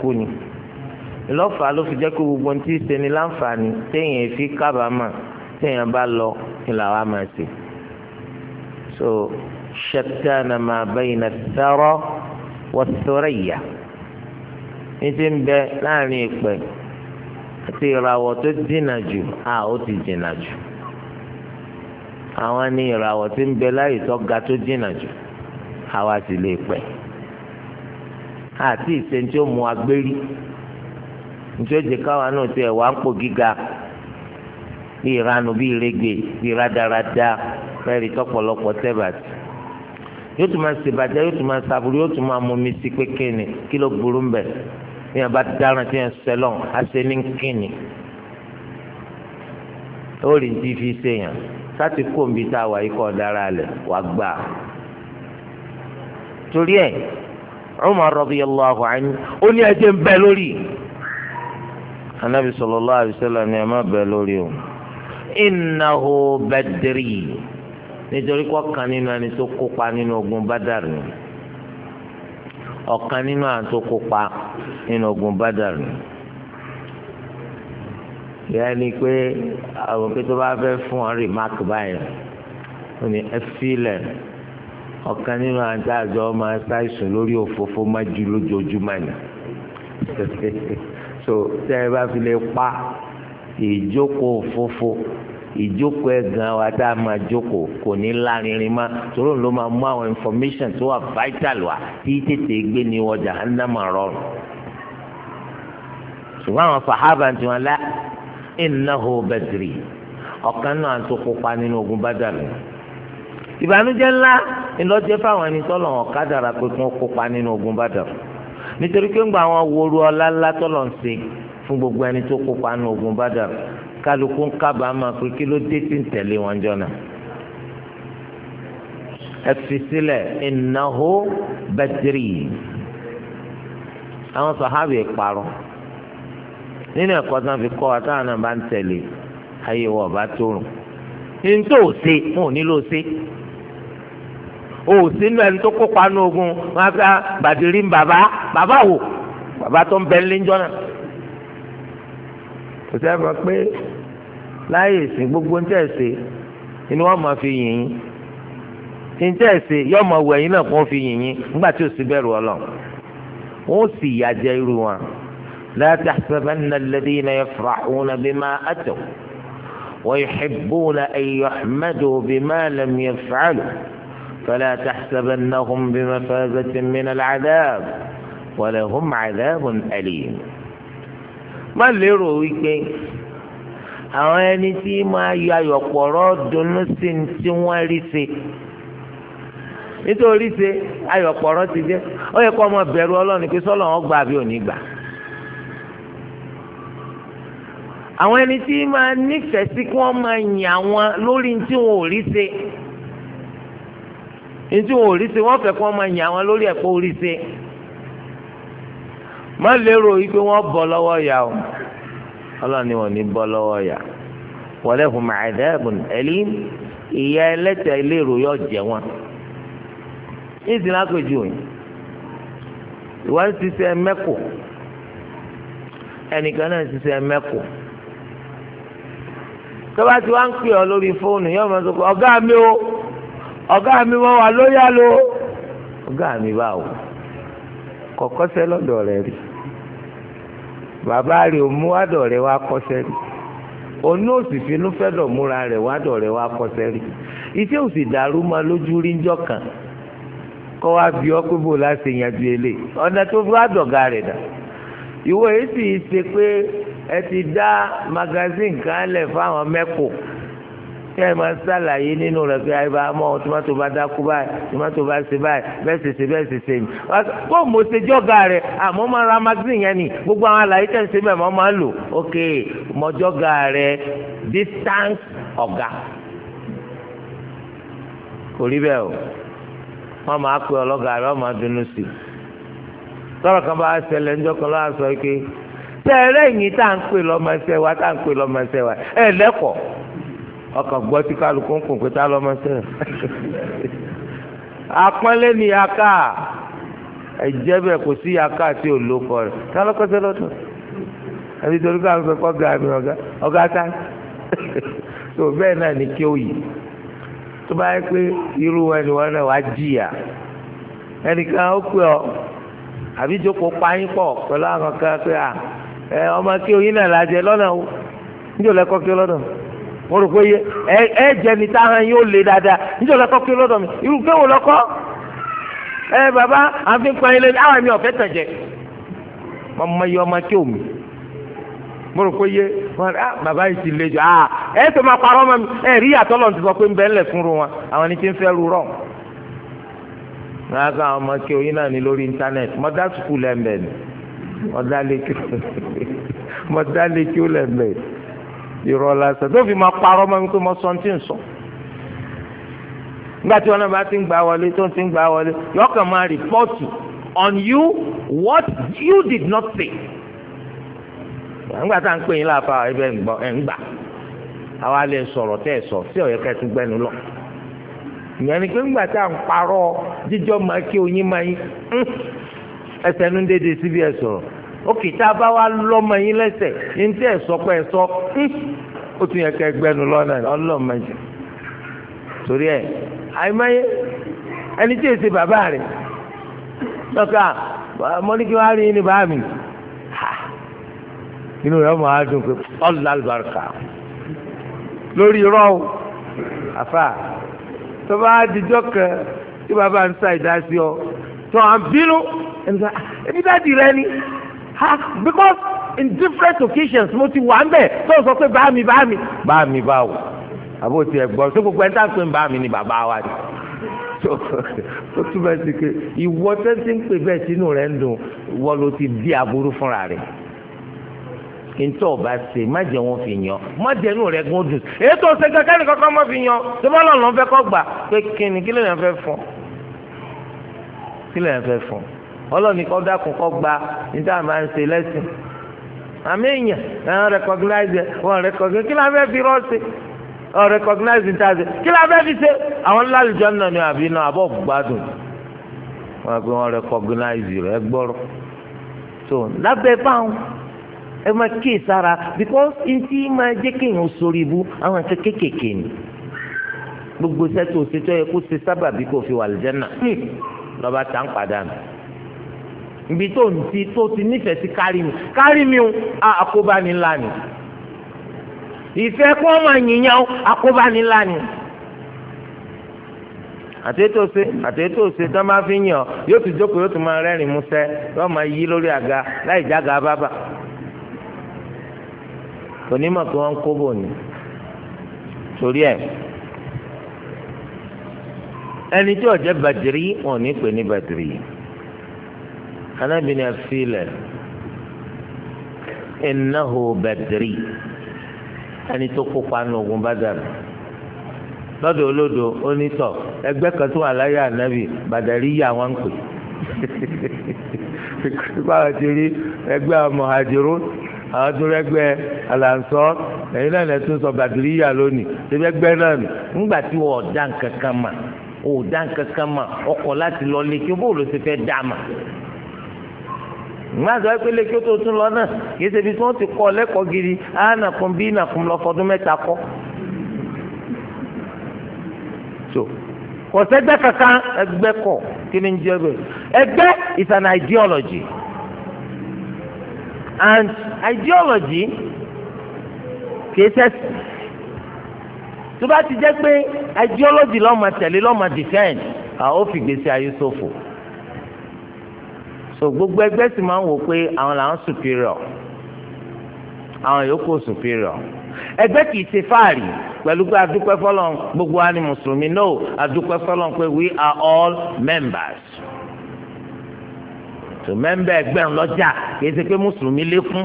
Speaker 1: fún lọ́fà ló fi jẹ́ kó gbogbo ohun tí ì ṣeni láǹfààní téèyàn fi kábàámà téèyàn bá lọ ni làwa máa ṣe. so ṣẹtẹ́nà máa bẹ́yìn náà sẹ́rọ́ wọ́sọ̀rọ̀ ìyá ní ti ń bẹ láàrin ìpẹ́ àti ìràwọ̀ tó dínà jù a ó ti dínà jù àwọn ni ìràwọ̀ tí ń bẹ láyé tó ga tó dínà jù àwa sì lè pẹ́ àti ìṣẹ́ntì ó mú agbérí nítorí ó jẹ káwa náà tiẹ̀ wá ń pò gíga bí ìranu bí ìrẹ́gbẹ́ bí rádaràda fẹ́ẹ́rì tọ́pọ̀lọpọ̀ tẹ́bàtì yóò tún máa ṣèbàjẹ́ yóò tún máa ṣàbùrú yóò tún máa mumi sí pé kíni kí ló burú ń bẹ̀ ní yàrá bá dáràn tí yẹn sẹlọ̀n àṣẹ ní kíni ó rí ti fi ṣèyàn sáti kó nbí tá a wà yìí kọ́ dára lẹ̀ wá gbà. torí ẹ̀ Umar radiyallahu anhu ó ní ẹjẹ̀ ń bẹ lórí anabi sallallahu alaihi wasallam ni ẹ má bẹ lórí o innahu badri nítorí kọkàn nínú ẹni tó kópa nínú ogun badar ni ọ̀kan nínú àwọn tó kópa nínú ogun badar ni yẹ́n ni pé àwọn pé tó bá fẹ́ fún ọ rìmáàkì báyìí ó ní ẹ fílẹ̀ ọ̀kan nínú àwọn tá a máa ṣàìsùn lórí òfófó má ju lójoojúmọ́ ni. so tẹ́ bá fi lè pa ìjókòó fòfò ìjókòó ẹ̀gàn wa tá a máa jókòó kò ní lárinrin torí ló information tó wà vital wa tí tètè gbé ní ọjà máa rọrùn ṣùgbọ́n àwọn tí wọ́n lá ìnáwó ọ̀kan náà tó kópa nínú ogun ìbànújẹ́ ńlá fáwọn ẹni tọ́lọ̀ pé ogun nítorí pé ń gba àwọn woro ọlá ńlá tọ́lọ̀ ń ṣe fún gbogbo ẹni tó kópa nínú ogun Badr kálukú ń kábàámà pé kí ló dé tí ń tẹ̀lé wọn jọ̀nà ẹ fi sílẹ̀ innahu badri àwọn sàhábì parọ́ nínú ẹ̀kọ́ tí fi kọ́ wa táwọn náà bá ń tẹ̀lé ayé wọ̀ bá tó rùn ní tó ṣe wọn ò nílò ṣe o sínú ẹni tó kópa ní ogun wọn á fẹ́ bàdìrí ń bàbá bàbá wò bàbá tó ń bẹ ní jọ náà. kò sẹ́ mọ̀ pé láyé ìsìn gbogbo ń tẹ̀ ṣe inú wọn máa fi yìn yín ń tẹ̀ ṣe yọ ọmọ wẹ̀ yín náà kó fi yìn nígbà tí ò sí bẹ̀rù ọlọ́run wọn ó sì yà jẹ irú wọn. لا تحسبن الذين يفرحون بما أتوا ويحبون أن يحمدوا بما لم يفعلوا فلا تحسبنهم بمفازة من العذاب ولهم عذاب أليم ما اللي wípé àwọn ẹni tí máa yọ ayọ̀pọ̀rọ̀ dunnú sí ní tí wọ́n rí ṣe nítorí ṣe ayọ̀pọ̀rọ̀ ti jẹ́ ó yẹ kó ọmọ bẹ̀rù ọlọ́run pé sọ́lọ́ wọn gbà bí ò gbà. àwọn ẹni tí máa nífẹ̀ẹ́ sí kí wọ́n máa yìn àwọn lórí tí wọn ò rí ṣe ntí wọn ò rí ṣe wọn fẹ́ kí wọn máa yàn wọn lórí ẹ̀pọ̀ orí ṣe má lérò yìí pé wọn bọ́ lọ́wọ́ yà o ọlọ́ni wọn ní bọ́ lọ́wọ́ yà walahum adhabun alim ìyà ẹlẹ́tẹ̀ lérò yọ jẹ wọn ní ìsìn àpèjú ìwà ń ṣiṣẹ́ ẹnìkan náà ń ṣiṣẹ́ mẹ́kù tó bá ń pè ọ lórí fóònù yóò máa ọ̀gá mi o ọ̀gá mi wọ́n wà lóyà lo ọ̀gá mi báwo kọ̀kọ́sẹ́ lọ́dọ̀ rẹ̀ rí bàbá rẹ̀ ò mú àdọ̀ rẹ̀ wá kọ́sẹ́ rí onú òsì finú fẹ́dọ̀ múra rẹ̀ wádọ̀ rẹ̀ wá kọ́sẹ́ rí iṣẹ́ òsì dàrú ma lójú rí ńjọ́ kan kọ́ wá bí ọ pé bò láti yanjú ilé ọ̀nà tó fi wádọ̀gá rẹ̀ dà ìwọ èyí sì ṣe pé ẹ ti dá magazine kan lẹ̀ fáwọn mẹ́kọ̀ọ́ kẹ́ ẹ máa ṣàlàyé nínú rẹ̀ pé àyè bá a mọ̀ tomato bá dákú báyìí tomato bá ṣe báyìí bẹ́ẹ̀ ṣe ṣe bẹ́ẹ̀ ṣe ṣe ni. kó mo ṣe jọ́gà rẹ̀ àmọ́ máa ra magazine yẹn ni gbogbo àwọn àlàyé tẹ̀ ń ṣe mẹ́ẹ̀ mọ́ máa lò ok mọ jọ́gà rẹ̀ distance ọ̀gá. kò rí bẹ́ẹ̀ o wọ́n máa pe ọlọ́gà rẹ̀ wọ́n máa dunú sí i. tọ́rọ̀ kan bá ṣẹlẹ̀ ńjọ́ kan lọ́wọ́ sọ Ọkọ gbọ́ tí kálukú ń kùn pé tá sẹ́yìn. apọ́nlé ni yaka ẹ̀jẹ̀ kò sí yaka tí ò ló kọ rẹ̀ tá lọ́kọ́ sẹ́ kọ́ mi ọ̀gá ọ̀gá ta tó bẹ́ẹ̀ náà ní kí ó ọ pọ̀ pẹ̀lú àwọn kan pé ọmọ kí oyin náà lọ́nà o níjọ́ lẹ́kọ́ kí mo rò pé ẹ jẹ́ ní táwọn yóò lé dáadáa kí mi irú pé wò ẹ bàbá àfi pa àwọn mi ọ̀fẹ́ tàn jẹ ọmọ yìí ọmọ kí omi mo rò pé yé bàbá yìí ti jù ah ẹ tó máa parọ́ ọmọ ẹ rí lọ́n ti sọ pé ń fún ru wọn àwọn ń fẹ́ ru rọ̀ n'aka ọmọ oyin náà ní lórí íńtánẹ́ẹ̀tì irọ́ lásán tó fi máa parọ́ mọ́ mi pé mo sọ ní tí ń sọ nígbà tí wọn náà bá ti ń gbà wọlé tó ń ti ń gbà wọlé yọkàn máa rìpọ́ọ̀tù on you what you did not say nígbà tá à ń pè yín láàfà ẹgbẹ́ ẹ̀ ń gbà àwa lè sọ̀rọ̀ tẹ́ ẹ sọ sí ọ̀yẹ́ kẹtù gbẹnu lọ ìyẹn ni pé ńgbà tá à ń parọ́ jíjọ́ máa kí oyin máa yín ẹsẹ̀ nu dédé síbi ẹ̀ sọ̀rọ̀ òkè tá a bá wá lọ́mọ yín lẹ́sẹ̀ ní tí ẹ̀ sọ pé ẹ sọ ó tún yẹ kẹ́ gbẹnu lọ́nà ọlọ́mọ jù torí ẹ̀ àìmọye ẹni tí èsì bàbá rẹ̀ lọ́kà mọ́níkì wá rí ní bàá mi inú rẹ̀ máa dùn pé ọ̀là àlùbáríkà lórí irọ́ àfà tó bá dijọ́ kan tí bàbá ń sa ìdásí ọ tó à ń bínú ẹni ah, dáàdì rẹ ni because in different occasions mo ti wà ń bẹ̀ tó sọ pé bá mi bá mi bá mi bá wò àbó tiẹ̀ gbọ́ tó gbogbo ẹ̀ ń tà pé bá mi ni bàbá wa ni tó túbọ̀ sí pé ìwọ tẹ́tí ń pè bẹ́ẹ̀ sínú rẹ̀ ń dùn ìwọ ló ti di aburú fúnra rẹ̀ ntọ́ ọba ṣe má jẹ́ wọn fi yan má jẹ́ inú rẹ̀ gún dùn ètò ọ̀sẹ̀ kankan má fi yan tó bá lọ́nà fẹ́ kọ́ gbà pé kíni kí lóyún fẹ́ fún kí lóyún fẹ́ fún ọlọ́ọ̀ni kọ́ dákun kọ́ gba níta máa ń ṣe lẹ́sìn àmì èèyàn ẹ̀hán recognize wọn recognize kí la fẹ́ fi rọ́ọ̀sì ọ̀ recognize níta ṣe kí la fẹ́ fi ṣe àwọn ńlá àlùjọ náà ni àbí náà àbọ̀ gbádùn wọn pe wọn recognize rẹ gbọ́rọ̀ so lábẹ́ báwọn ẹ máa kíyè sára because ntí máa jẹ́ kéèyàn sórí ibú àwọn nǹkan kéékèèké ni gbogbo sẹ́tò ṣètò yẹ kó ṣe sábàbí kó fi wà lìjẹ́ náà hmm. lọ́ba tá ń padà nù ibi tó ń ti tó ti nífẹ̀ẹ́ sí kárí mi kárí mi o àkóbá ni ńlá ni ìfẹ́ kó ọmọ yìnyín o àkóbá ni ńlá ni àtẹ́tòsí àtẹ́tòsí tó máa fi yàn yóò tún jókòó yóò tún máa rẹ́rìn músẹ́ yóò máa yí lórí àga láì jága bábà onímọ̀ kí wọ́n ń kó bò ní torí ẹ̀ ẹni tí ó jẹ́ bàdìrí wọn ò ní pè ní bàdìrí yìí. anábìnrin àfilẹ̀ inahu bẹ̀dẹ̀rì ẹni tó kópa ní ogun bàdàrà lọ́dọ̀ olódo onítọ̀ ẹgbẹ́ kan tó wà láyé yà wọ́n ń pè báwa ti rí ẹgbẹ́ mọ̀hàjírú àwọn náà lẹ́tọ́ sọ bàdàrí yà lónìí ẹgbẹ́ náà nù ńgbà tí wọ́n kankan ma kan mà ò dá láti lọ lé kí bóòlù ti gbàdúrà pélé kí ó tó tún lọ náà kìí ṣe ibi tí wọ́n ti kọ́ lẹ́kọ̀ọ́ gidi ànàkùn bí nàkùn lọ fọdún mẹ́ta kọ́. so kò sẹ́gbẹ́ kankan ẹgbẹ́ kọ̀ kí ni ń jẹ́ bẹ́ẹ̀ ẹgbẹ́ is an ideology and ideology kìí ṣẹ́sì tó bá ti jẹ́ pé ideology lọ́ọ́ máa tẹ̀lé lọ́ọ́ máa defend àwọn ó fi gbèsè ayé ṣòfò. So so gbogbo ẹgbẹ́ sì máa ń wò pé àwọn làwọn superior àwọn yòókù superior ẹgbẹ́ kìí ṣe fáàrí pẹ̀lú pé adúpẹ́ fọlọ́n gbogbo wa ni mùsùlùmí no adúpẹ́ fọlọ́n pé we are all members so mẹ́mbà ẹgbẹ́ ńlọ́jà kìí ṣe pé mùsùlùmí lékún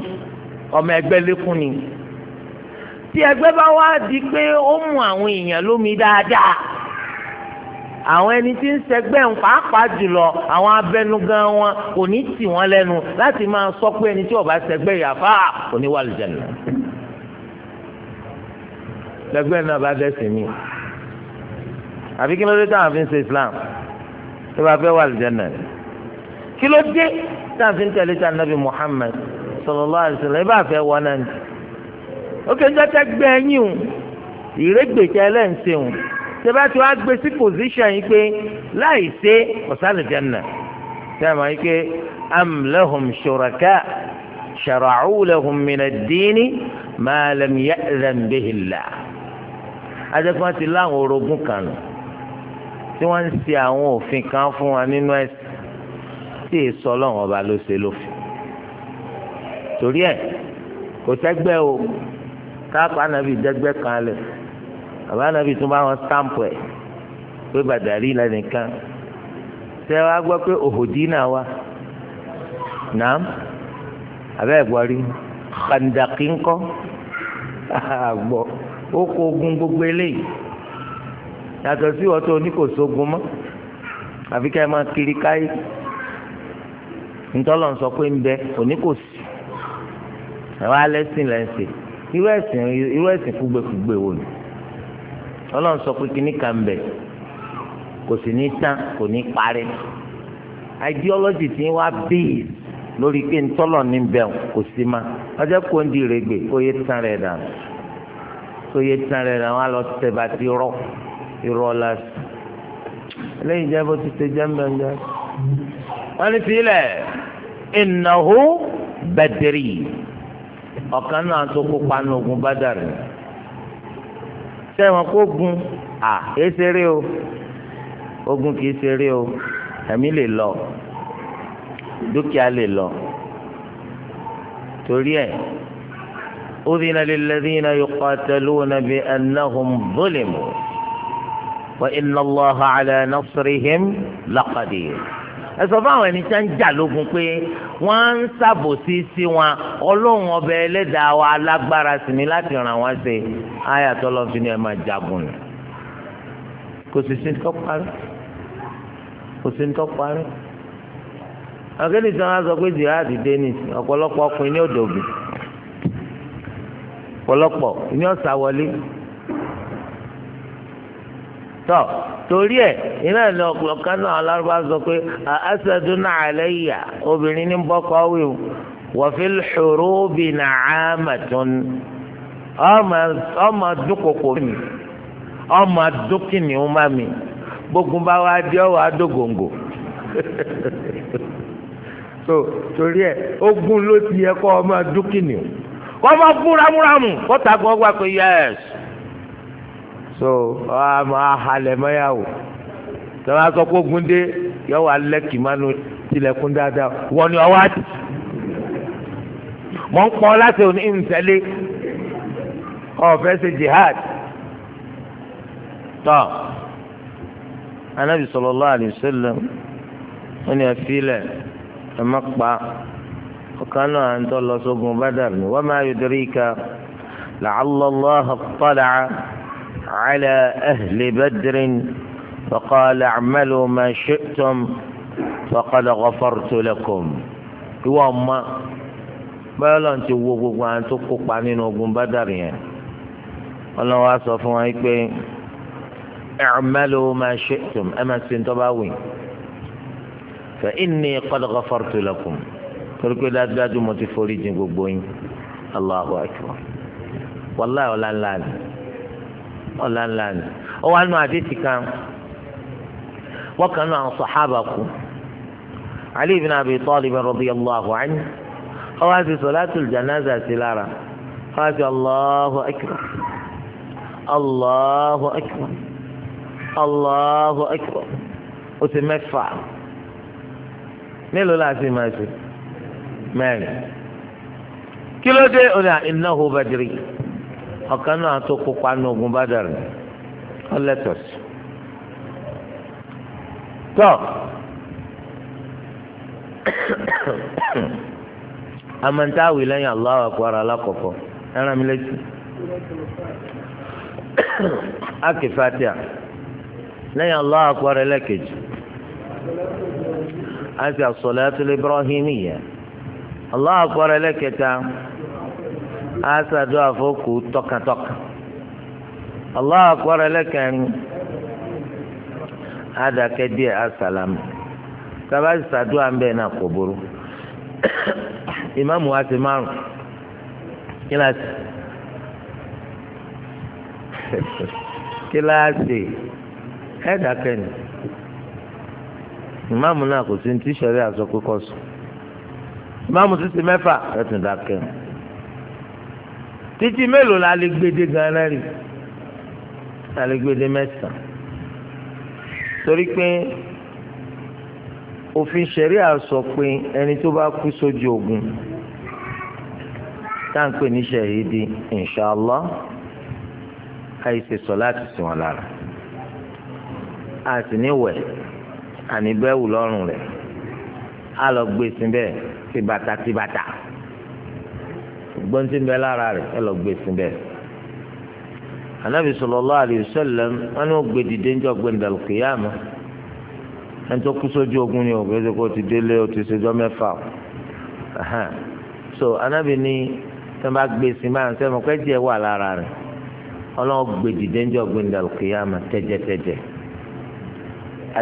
Speaker 1: ọmọ ẹgbẹ́ lékún ni tí ẹgbẹ́ bá wá di pé ó mú àwọn èèyàn lómi dáadáa àwọn ẹni tí ń sẹgbẹ́ ń pàápàá jùlọ àwọn abẹnugan wọn kò ní tì wọ́n lẹ́nu láti máa sọ pé ẹni tí ó bá sẹgbẹ́ yàfa kò ní wà lùjẹ̀nà. lẹgbẹ́ náà bá dẹ́sìn mi àbí kí ló dé táwọn fi ń ṣe Islam tó bá fẹ́ wà lùjẹ̀nà kí ló dé táwọn fi ń tẹ̀lé tí anabi Muhammad sallallahu alaihi wasallam ẹ bá fẹ́ wọ náà ó kéńjọ́ tẹ́gbẹ́ yín o ìrégbèjà ẹlẹ́ǹsẹ̀ tẹ́bá tí wàá gbé sí pòsíṣàn yìí pé láì ṣe ọ̀sánì jẹ́nà tẹ́ẹ̀mà yìí pé am lahum shuraka shara'u lahum min ad-dini ma lam ya'zan bihi Allah adẹ́kùn ti láwọn orogún kan nù tí wọ́n ń ṣe àwọn òfin kan fún wa nínú ẹ̀sìn tí èso ọlọ́run ọba ló ṣe lófin torí ẹ̀ kò tẹ́gbẹ́ o káàpá nàbì dẹ́gbẹ́ kan lẹ̀ bàbá nàbì tún bá wọn stamp ẹ̀ pé bàdàrí lẹ́nìkan ṣé wàá gbọ́ pé òhòdì náà wà nàám abẹ́ ẹ̀gbọ́n rí kàndàkì ńkọ́ àgbọ̀ ó kó ogun gbogbo eléyìí yàtọ̀ sí ọ̀tọ̀ oníkòsógun mọ́ àfi ká ẹ máa kiri káyé ntọ́lọ̀ ń sọ pé ń bẹ òní kò sí ẹ̀wọ́n lẹ́sìn irú ẹ̀sìn irú ẹ̀sìn kúgbẹ́kúgbẹ́ wò ni ọlọ́run sọ pé kíní kan bẹ̀ kò sì ní tán kò ní parí ideology tí wá bíi lórí pé ntọ́lọ̀ ní bẹ̀ kò sí ma ọjọ́ kó ń di règbè ó yẹ tán rẹ̀ dà ó yẹ tán rẹ̀ dà wọ́n á lọ tẹ̀ bá ti rọ irọ́ la lẹ́yìn jẹ́ bó ti ṣe jẹ́ ń bẹ̀ ń jẹ́ wọ́n ní sílẹ̀ ìnáwó bẹ̀dẹ̀rì ọ̀kan náà tó kópa ní ogun bá dàrí sẹ́wọ̀n kó gun à kìí ṣeré o ogun kìí ṣeré o ẹ̀mí lè lọ dúkìá lè lọ torí ẹ̀ أذن للذين يقاتلون بأنهم ظلموا وإن الله على نصرهم لقدير ẹ sọ fún àwọn ẹni tí wọ́n ń jà lógun pé wọ́n ń ṣàbòsí sí wọn ọlọ́run ọbẹ̀ ẹlẹ́dàá wa alágbára sí ni láti ràn wọ́n ṣe ayàtọ̀ lọ́n fi ni ẹ máa jagun nù kò sì sí ní tó parí kò sí tó parí akéde tí wọ́n sọ pé jihad dé ní ọkùnrin ní òdòbí ọ̀pọ̀lọpọ̀ ní ọ̀sà tọ́ torí ẹ̀ iná ní ọ̀kan náà alárúbá sọ pé asadun alayya obìnrin ní bọ́kọ wí o wafil hurubi na'amatun ọmọ dúkòkò mi ọmọ dúkìní ọmọ mi gbogbo bá wá dé ọwọ́ adógòǹgò so torí ẹ ogun ló ti yẹ kó ọmọ dúkìní kó ọmọ búramúramù kó tàgbọ́n wá pé yẹ́sì so a máa halẹ̀ mọ́yàwó tọ́lá sọ pé ogun dé yọ wà lẹ́kì mánu tilẹ̀kùn dáadáa wọ́n ni ọwọ́ àti mọ̀ ń pọ́n láti òní ìǹtẹ́lé ọ̀fẹ́ ṣe jihad tọ́ anabi sallallahu alaihi wasallam wọ́n ni àfilẹ̀ ẹ̀ má pa ọ̀kan náà à ń tọ́ lọ sógun bádàr ni wa ma yudrika la'alla Allah tala'a. على أهل بدر فقال اعملوا ما شئتم فقد غفرت لكم وما báyọ̀ lọ́n ti wo gbogbo àwọn tó kópa nínú ogun bádàrí yẹn ọlọ́run wá sọ fún wa pé i'malu ma shi'tum ẹ máa ṣe tó bá wù yín fa inni qad ghafartu lakum torí pé dájúdájú mo ti forí jìn gbogbo yín Allahu akbar wàláhì ọ̀la ńlá ni ọ̀la ńlá ni ó wá nù àdéhìí kan wọ́n kàn nù àwọn sàhábà kù Ali ibn Abi Talib radiyallahu anhu ó wá sí sọ̀látùl janaza sí lára ó wá sí Allahu akbar Allahu akbar Allahu akbar ó ti mẹ́fà mélòó la máa ṣe mẹ́rin kí ló dé ó ní innahu badri. ọ̀kan náà tó kópa ní ogun Badr ọlẹ́tọ̀s. tọ́ amantawi lẹ́yìn Allahu akbar alákọ̀ọ́kọ́ ẹran mi létí
Speaker 2: ake fatia
Speaker 1: lẹ́yìn Allahu akbar ẹlẹ́kejì àti as-salatu ya. ibrahimiyya Allahu akbar ẹlẹ́kẹta. as Sadu'a of Oku tok-tok Allah akwari elekengwun adake dia asalami. Taba isi Sadu'a be na kò bóró. Imamu Atimaru, kíláti kíláti head akin. Imamu na kò tí n tíṣẹrẹ asokú kọs. Imamu Atimru let me títí mélòó la lè gbèdé ganan rè la lè gbèdé mẹ́sàn torí pé òfin ṣẹ̀ríà sọ pé ẹni tó bá kú sójú ogun tá à ń pè ní ṣàhídì inṣàlá àìsè sọ láti sìn wọn lára àti níwẹ̀ àníbẹ̀wò lọ́rùn rẹ̀ á lọ gbé e síbẹ̀ tìbàtà tìbàtà gbọ́n tí ń bẹ lára rẹ̀ ẹ lọ gbé fún bẹ́ẹ̀. anabi sallallahu alayhi wa sallam wọn ni wọn gbé dìde ńjọ gbé ndàlù kìyàmù ẹn tó kú sójú ogun ni òkè ṣe kó ti délé o ti ṣèjọ mẹ́fà o so anabi ni tí wọn bá gbé sí máa ń sẹ́mu kẹ́jẹ́ wà lára rẹ̀ ọlọ́wọ́ gbé dìde ńjọ gbé ndàlù kìyàmù tẹ́jẹ́tẹ́jẹ́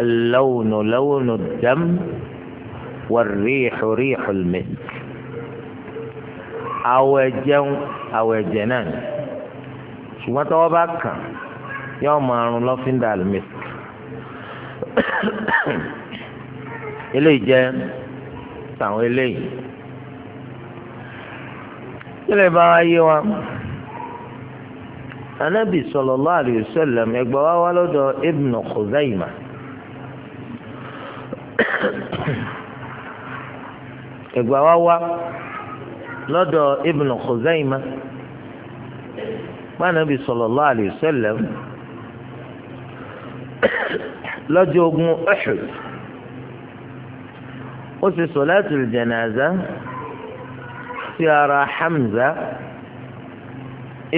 Speaker 1: alawuno lawuno dam wàrríhùríhùl misk àwọ̀ ẹ̀jẹ̀ ń àwọ̀ ẹ̀jẹ̀ náà ni ṣùgbọ́n tọ́wọ́ bá kàn yóò máa rún lọ́fíńdà àlùmísì eléyìí jẹ́ tàwọn eléyìí kílẹ̀ bá wá yé wa anabi sallallahu alayhi wa ẹgbẹ wa wá lọ́dọ̀ ibnu Khuzaima ẹgbẹ wa wá. lọ́dọ̀ ibn Khuzaima pànàbí sallallahu alayhi wa sallam
Speaker 2: lọ́jọ́ ogun Uhud
Speaker 1: ó sì solatul janaza sí ara Hamza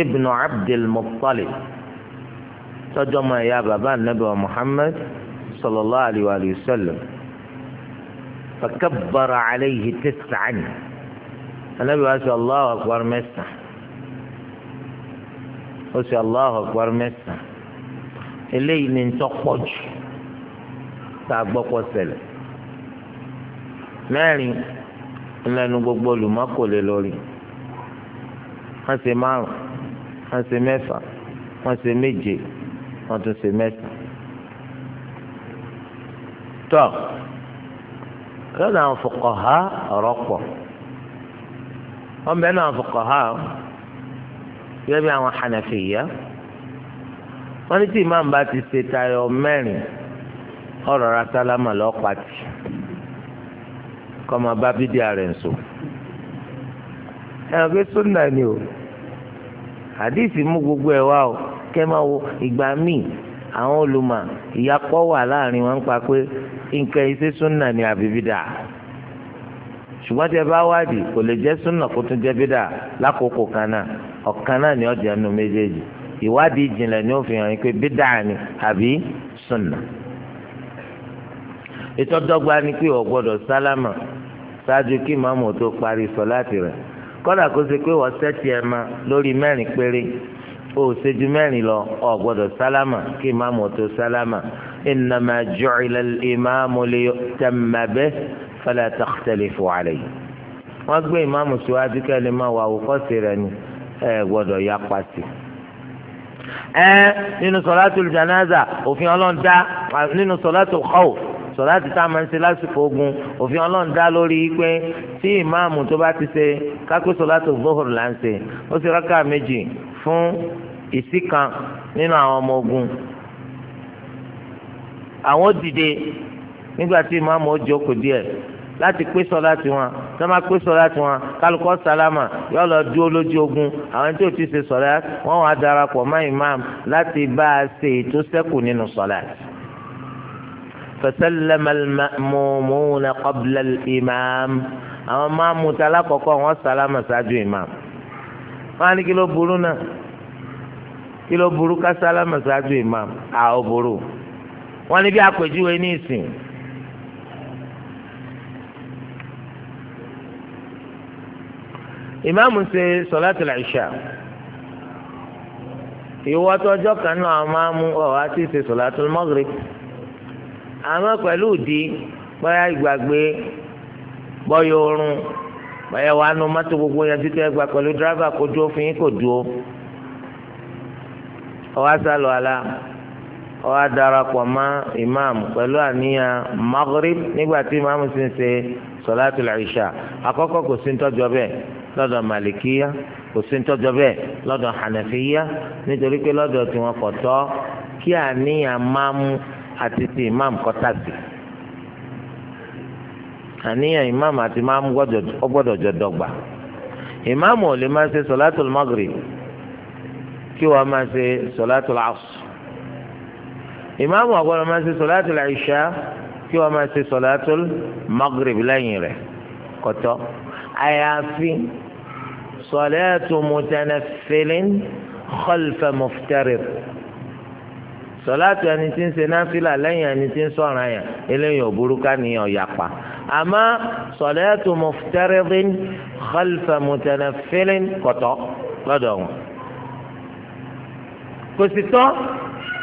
Speaker 1: ibn Abdul Muttalib tọ́jọ́ mọ ẹ̀yà bàbá ànábì wa Muhammad sallallahu alayhi wa sallam fa kabbara alayhi tis'an. anabi wa sọ Allahu akbar mẹ́sàn o sọ Allahu akbar mẹ́sàn eléyìí ni ntọ́ pọ̀ jù tá a gbọ́ pọ̀ ṣẹlẹ̀ mẹ́rin ńlẹ́nu gbogbo olùmọ́kò lé lórí wọ́n ṣe márùn wọ́n ṣe mẹ́fà meje ṣe méje wọ́n tún ṣe ọ̀rọ̀ wọn bẹ náà fuqaha yẹ bí àwọn Hanafiya wọn ní tí ìmáàmù bá ti ṣe tayọ mẹ́rin ọ̀rọ̀ ra sálámà lọ́pàtì kọ́mọ bá bídíà rẹ̀ ń so ẹ̀ ọ́n pé sunna ni o àdìsí mú gbogbo ẹ̀ wá o kẹ́ máa wo ìgbà míì àwọn olùmọ̀ ìyapọ̀ wà láàrin wọn pa pé nǹkan iṣẹ́ sunna ni àbí bídíà. ṣùgbọ́n tí ẹ bá wádìí kò lè jẹ́ súnà kó tún jẹ́ bídà lákòókò kan náà ọ̀kan náà ni jẹ́ nù méjèèjì ìwádìí ìjìnlẹ̀ ni ó fi hàn pé bídà ni àbí súnà. ètò ọ̀dọ́gba ni pé o gbọ́dọ̀ sálámà ṣáájú kí màmú tó parí sọ̀láàtì rẹ̀ kọ́dà kó ṣe pé wọ́n sẹ́tì ẹ̀ ma lórí mẹ́rin péré o mẹ́rin lọ gbọ́dọ̀ sálámà kí màmú tó sálámà فلا تختلفوا عليه. wọ́n gbé ìmáàmù síwájú kẹ́lẹ́ máa wà àwòkọ́sí rẹ̀ ni ẹ gbọ́dọ̀ ya pàṣẹ. ẹ nínú sọ̀látùl janaza òfin ọlọ́run dá nínú sọ̀látùl khawf sọ̀láàtì tá a máa ń ṣe lásìkò ogun òfin ọlọ́run dá lórí pé tí ìmáàmù tó bá ti ṣe kápé sọ̀láàtì zuhur là ń ṣe ó ṣe rákà méjì fún ìsí kan nínú àwọn ọmọ ogun àwọn dìde nígbà tí ìmáàmù ó jókòó díẹ̀ láti pé sọlá tiwọn tó máa pé sọlá tiwọn kálukọ sálámà yóò lọ dúró lójú ogun àwọn tí ò ti ṣe sọlá wọn wà darapọ̀ mọ́ imam láti bá a ṣe ètò sẹ́kù nínú sọlá. فسلم المأمومون قبل الإمام àwọn máàmù tá alákọ̀ọ́kọ́ wọn sálámà ṣáájú imam wọn á ní kí ló burú náà kí ló burú ká sálámà ṣáájú imam àá burú wọn ní bí àpèjúwe ní ìsìn. ìmáàmù ṣe sọ̀láàtì làìṣà ìwọ́ tó ọjọ́ kan náà àwọn máa mú ọ̀ àti ṣe sọ̀láàtì mọ́gìrì àmọ́ pẹ̀lú ìdí bóyá ìgbàgbé bóyá oorun bóyá wà nù mọ́tò gbogbo yẹn títí ẹgbà pẹ̀lú dírẹ́fà kò dúró fún yín kò dúró ọwọ́ sálọ àlá ọwọ́ darapọ̀ mọ́ ìmáàmù pẹ̀lú àníyàn mọ́gìrì nígbà tí ìmáàmù kò sí ń tọ́jú lọ́dọ̀ màlìkíyà kò sí ntọ́jọ bẹ́ẹ̀ lọ́dọ̀ hànàfíyà nítorí pé lọ́dọ̀ tiwọn kò tọ́ kí àníyàn máàmù àti ti ìmáàmù kọ́tàsì àníyàn ìmáàmù àti máàmù gbọ́dọ̀ jọ dọ́gba ìmáàmù ò lè máa ṣe sọ̀látùl magrib kí wọ́n máa ṣe sọ̀látùl asr ìmáàmù ò gbọ́dọ̀ máa ṣe sọ̀látùl ìṣá kí wọ́n máa ṣe sọ̀látùl magrib lẹ́yìn rẹ̀ kò àyàfi صلاة متنفل خلف مفترض sọláàtì ẹni tí ń ṣe náfìlà lẹ́yìn ẹni tí ń sọ̀ràn yẹn eléyìí òbúrúkà nìyẹn ọ̀yàpá àmọ́ sọ̀lẹ́tù mọ̀fútẹ́rẹ́rìn xọlfẹ̀ mọ̀tẹ́nẹ́fẹ́lẹ́n kọ̀tọ́ lọ́dọ̀ wọn. kò sì tọ́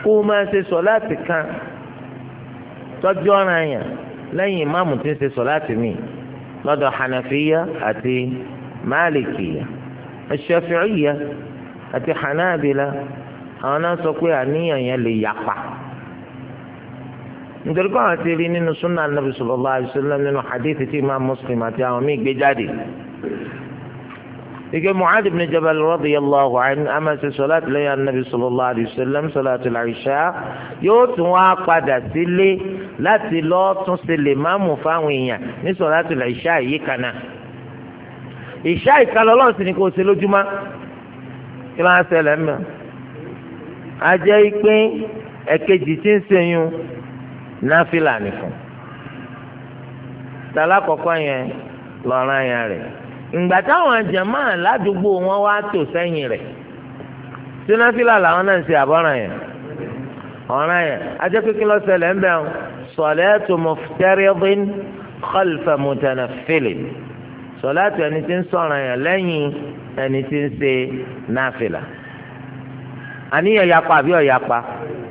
Speaker 1: kó o máa ṣe sọ̀láàtì kan tọ́jú ọ̀ràn yẹn lẹ́yìn ìmáàmù tí ń ṣe sọ̀láàtì míì lọ́dọ̀ hànàfíyà àti máàlìkìyà. Ash-Shafi'iyya àti Hanabila àwọn náà sọ pé àníyàn yẹn lè yapa nítorí pé àwọn ti rí nínú sunna anabi sallallahu alaihi wasallam nínú hadith tí imaam Muslim àti àwọn míì gbé jáde ike Mu'adh ibn Jabal radiyallahu anhu ama ṣe sọlá tìlẹyìn anabi sallallahu alaihi wasallam salatul Isha yóò tún wá padà sílé láti lọ́ọ́ tún ṣe máàmù fáwọn èèyàn ní salatul Isha yìí kan náà ìṣá ìkàlọ́ ọlọ́run sì ni kò ṣe lójúmọ́ kí ló ń ṣẹlẹ̀ mọ́ a jẹ́ pé ẹ̀kejì tí ń sẹ́yìn náfìlà nìkan tàlákọ̀ọ́kọ́ yẹn lọ́ọ́rán yẹn rẹ̀ ìgbà táwọn àjàmá ládùúgbò wọn wá tò sẹ́yìn rẹ̀ ṣé náfìlà làwọn náà ń ṣe àbọ̀ràn yẹn ọ̀ràn yẹn a pé kí ló ṣẹlẹ̀ ń bẹ̀ ọ́ salatu muftaridin khalfa mutanaffilin sọláàtù ẹni tí ń sọ̀ràn yàn lẹ́yìn ẹni tí ń ṣe náfìlà àníyàn yapa àbí ọ̀yapa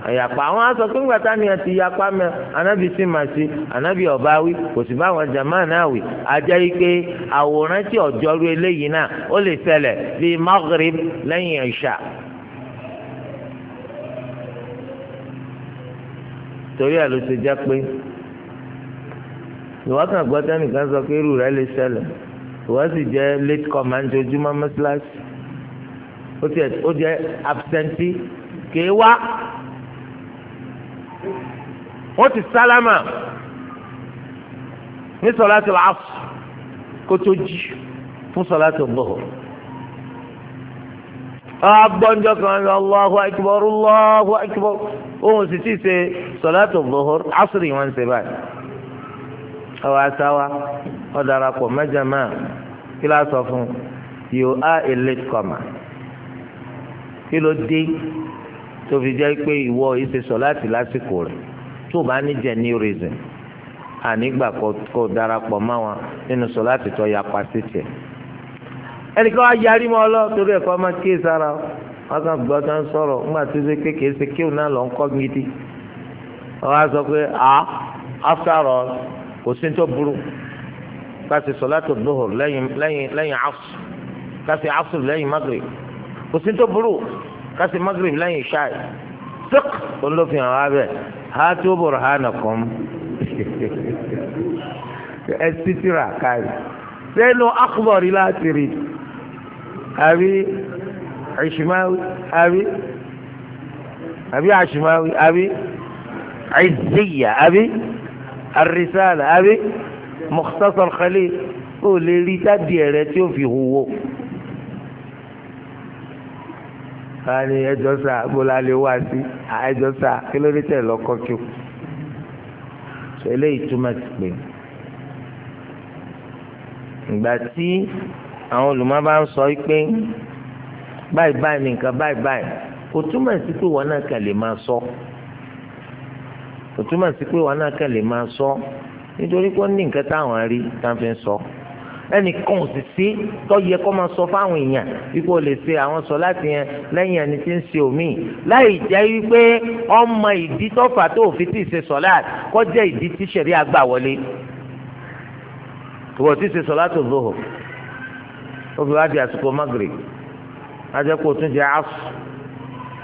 Speaker 1: ọ̀yapa àwọn aṣọ pé ńgbà tá nìyẹn ti yapa mẹ anábì sì mà sí anábì ọba wí kò sì bá àwọn jàmáà náà wí ajá yìí pé àwòrán tí ọ̀jọ́rú eléyìí náà ó lè ṣẹlẹ̀ bíi maghrib lẹ́yìn ìṣà. torí ẹ̀ ló ṣe jẹ́ pé ìwọ́kàn gbọ́tẹ́ nìkan sọ pé irú rẹ̀ lè ṣẹlẹ̀ ìwọ́n sì jẹ́ late comer ńjojúmọ́ mọ́sálásí ó tiẹ̀ ó jẹ́ absentee kèé wá wọ́n ti sálámà ní sọláàtì làásù kó tó jí fún sọláàtì bọ̀họ̀. agbọ́njọ́ kan ní Allahu akbar Allahu akbar òun sì ti ṣe sọláàtì bọ̀họ̀ asùrì wọn ṣe báyìí ọwọ́ asáwa ọ darapọ̀ mẹ́jọ̀má kí ló sọ fún you are a late comer kí ló dé tó fi jẹ́ pé ìwọ yìí ti sọ láti lásìkò rẹ̀ tó bá ní jẹ́ new reason ànígbà kò darapọ̀ mọ́ wọn nínú sọ láti tọ́ ya pa sí tiẹ̀ ẹnìkan wá yarí mọ́ ọ lọ torí ẹ̀kọ́ máa kí sára ọ wọn kàn gbọ́ tó ń sọ̀rọ̀ ńgbà tó ṣe pé kìí ṣe kíw náà lọ ń kọ́ gidi wọn á sọ pé ah after all kò sí tó burú kasi sọlátò lóhùr lẹ́yìn lẹ́yìn lẹ́yìn asr kasi asr lẹ́yìn magrib kò sí tó burú kasi magrib lẹ́yìn ṣáì sèk olófin àwọn abẹ hàtó burhanakum ẹ sitira káyì sẹ́nu akbọ̀rí láti rí àbí ìṣìmáwí àbí àbí àṣìmáwí àbí àìsíyà àbí arisala àbí Mukhtasar Khalil ó lè rí tábì ẹ̀rẹ́ tí ó fi huwó. káàní ẹjọ́ sà gbọ́dọ̀ alẹ́ wá sí ẹjọ́ sà kí ló dé tẹ̀ lọ́kọ́ kí o. sọ eléyìí túmọ̀ ìgbà tí àwọn olùmọ̀ bá ń sọ pé báyìí báyìí nìkan báyìí báyìí kò túmọ̀ sí pé wọn náà kàn lè máa sọ. So kò túmọ̀ sí pé wọn náà kàn lè máa sọ nítorí pé ó ní nǹkan táwọn rí tá a fi ń sọ ẹnìkan sì sí tọ́yẹ kọ́ máa sọ fáwọn èèyàn wípé o lè ṣe àwọn sọ láti yẹn lẹ́yìn ẹni tí ń ṣe òmíì láì jẹ́ wípé ọmọ ìdí tọ́fà tó fi tì ṣe sọ̀láàt kọ́ jẹ́ ìdí tí ṣẹ̀rí àgbà wọlé tòwọ́ tí ṣe sọ̀láàt tó zòhò ó fi wá di àsìkò magrib ajẹ́ kó o tún jẹ́ àṣù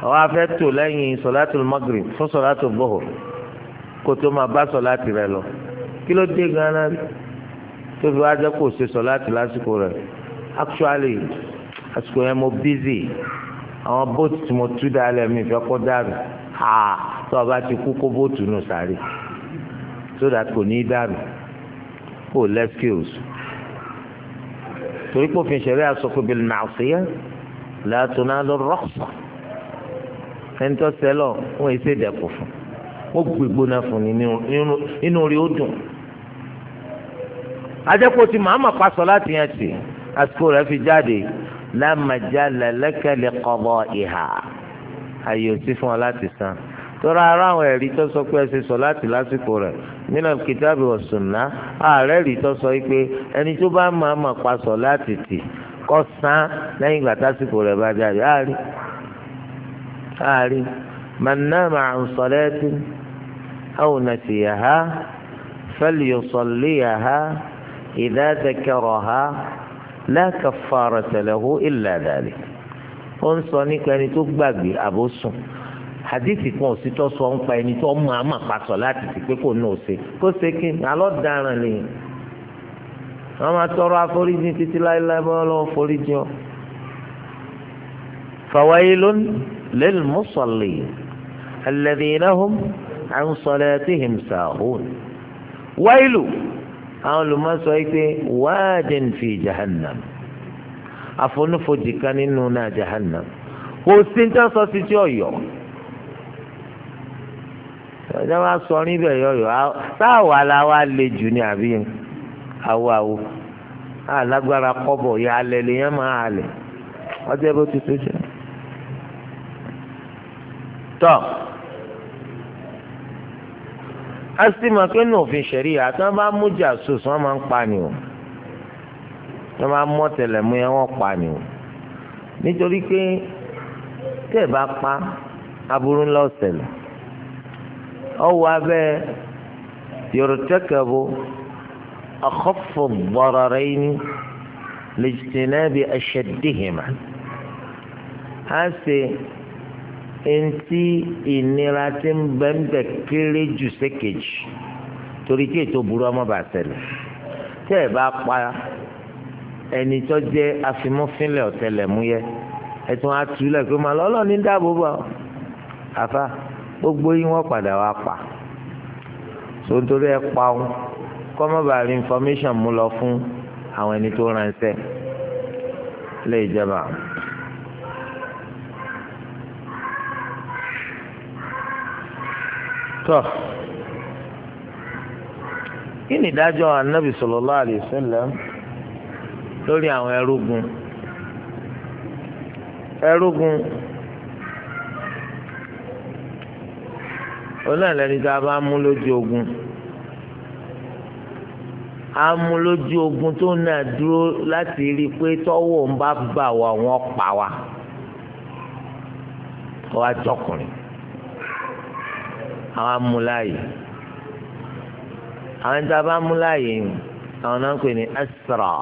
Speaker 1: àwọn afẹ́ tò lẹ́yìn sọ̀láàt tó magre fún sọ̀láàt tó zòhò kó tó máa bá sọ láti rẹ lọ kí ló dé ganan tó fi wá jẹ kó ṣe sọ láti lásìkò rẹ actually àsìkò yẹn mo busy àwọn bóòtù tí mo tú dalẹ̀ mi fẹ́ kó dàrú ha tó o bá ti kú kó bóòtù nù sáré so that kò ní í dàrú kò less skills torí pé òfin ṣẹlẹ̀ àsọkò bil ma'siyah la tunalu ar-rukhsah ẹni tó sẹlọ wọn èsè dẹkùn fún un wọ́n gbé gbóná fún ni inú rí ó dùn ajẹ́pọ̀ tí màmá pa sọ láti yẹn sí àsìkò rẹ̀ fi jáde lámàjá lẹ́lẹ́kẹ̀lẹ́ kọ́bọ̀ ìhà ayé ò sí fún ọ láti san tọ́ra ara àwọn ẹ̀rí tó sọ pé ẹ ṣe sọ láti lásìkò rẹ̀ nínú kìtàbí ọ̀sùnà ààrẹ rí tó sọ pé ẹni tó bá máa máa láti tì kọ́ san lẹ́yìn ìgbà tásìkò rẹ̀ bá jáde àárín àárín mànà màá ń sọ lẹ́tí. أو نسيها فليصليها إذا ذكرها لا كفارة له إلا ذلك ó ń sọ nípa ẹni tó gbàgbé àbòsùn hadithi kan ò sí tó sọ ń pa ẹni tó mọ àmà pàtó láti ti pé kò ní òsè kó ṣe kí alọ́daràn lè wọ́n máa tọrọ àforíjì títí láéláé bọ́ lọ́wọ́ foríjì ọ́ fawailun lil musallin alladhina hum àwọn salatihim sahun wáìlù àwọn olùmọ̀sọ yìí pé wáàdìn fi jahannam àfonúfojì kan nínú náà jahannam kò sí ní tán sọ sí tí ọ̀yọ́ ẹ̀dá wa sọ níbẹ̀ yọ̀yọ̀ táwa la wa le jù ní àbí awo alágbára kọ́bọ̀ ya alẹ́ lèyàn máa halẹ̀ ọjọ́ bó ti tó jẹ́
Speaker 2: a sì máa pé ní òfin
Speaker 1: ṣẹ̀ríà tí wọ́n bá mú jàsùs wọ́n máa ń pa ni o tí wọ́n bá mú ọ̀tẹlẹ̀mú yẹn wọ́n pa o nítorí pé tẹ́ ẹ̀ bá pa aburú ńlá ọ̀sẹ̀lẹ̀ ọwọ́ abẹ́ yorùtẹ́kẹ̀bù akọ́fọ̀ bọ̀rọ̀rẹ́ yín lè jìnnà bí ẹ̀ṣẹ̀ dìhìmà eŋti ìnira tí ń bẹ ń bẹ kéré jù sékejì torí kí ètò burú ọmọ bá ṣẹlẹ̀ tẹ́ ẹ bá pa ẹni tó jẹ́ afimọ́fínlẹ̀ ọ̀tẹlẹ̀múyẹ́ ẹtún atúlẹ̀ pé màá lọ́lọ́ ní dáàbò bọ̀ àfa gbogbo yín wọ́n padà wá pa sotori ẹ pa ọ́ kọ́mọ́bàárì information mú lọ fún àwọn ẹni tó ránṣẹ́ lè jẹba.
Speaker 2: tọ́ kí ni ìdájọ́
Speaker 1: anabi sallallahu alaihi wasallam lórí àwọn ẹrúgun ẹrúgun onílẹ̀ni tá a bá mú lójú ogun a mú lójú ogun tó náà dúró láti rí i pé tọ́wọ́ ń bá bà wọ́n pa wá wọ́n á jọkùnrin àwọn amúláyè àwọn ẹni tí a bá amúláyè àwọn náà ń pè ní asra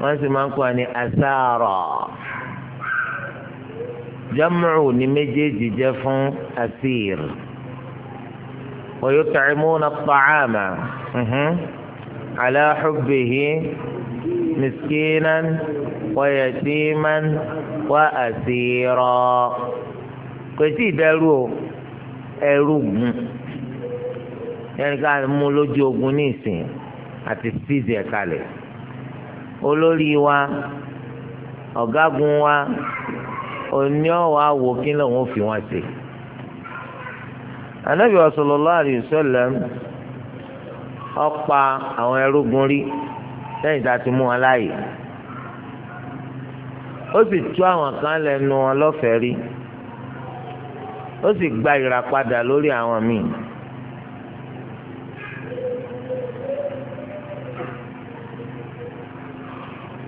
Speaker 1: wọ́n sì máa ń pè ní asara jamu ni méjèèjì jẹ́ fún asir wa yut'imuna at-ta'ama mhm. ala hubbihi miskinan wa wa asira kò sí ìdẹ́rù o ẹrú mú ẹni ká mú lójú ogun ní ìsìn àti síìzì ẹ̀ kalẹ̀ olórí wa ọ̀gágun wa òní ọ̀wọ́ àwò kí lòun ò fi wọn ṣe. Ànábì sallallahu alaihi wasallam ọ̀pá àwọn ẹrúgun rí lẹ́yìn tá a ti mú wọn láàyè ó sì tú àwọn kan lẹ́nu wọn lọ́fẹ̀ẹ́ rí ó sì gba ìràpadà lórí àwọn míì.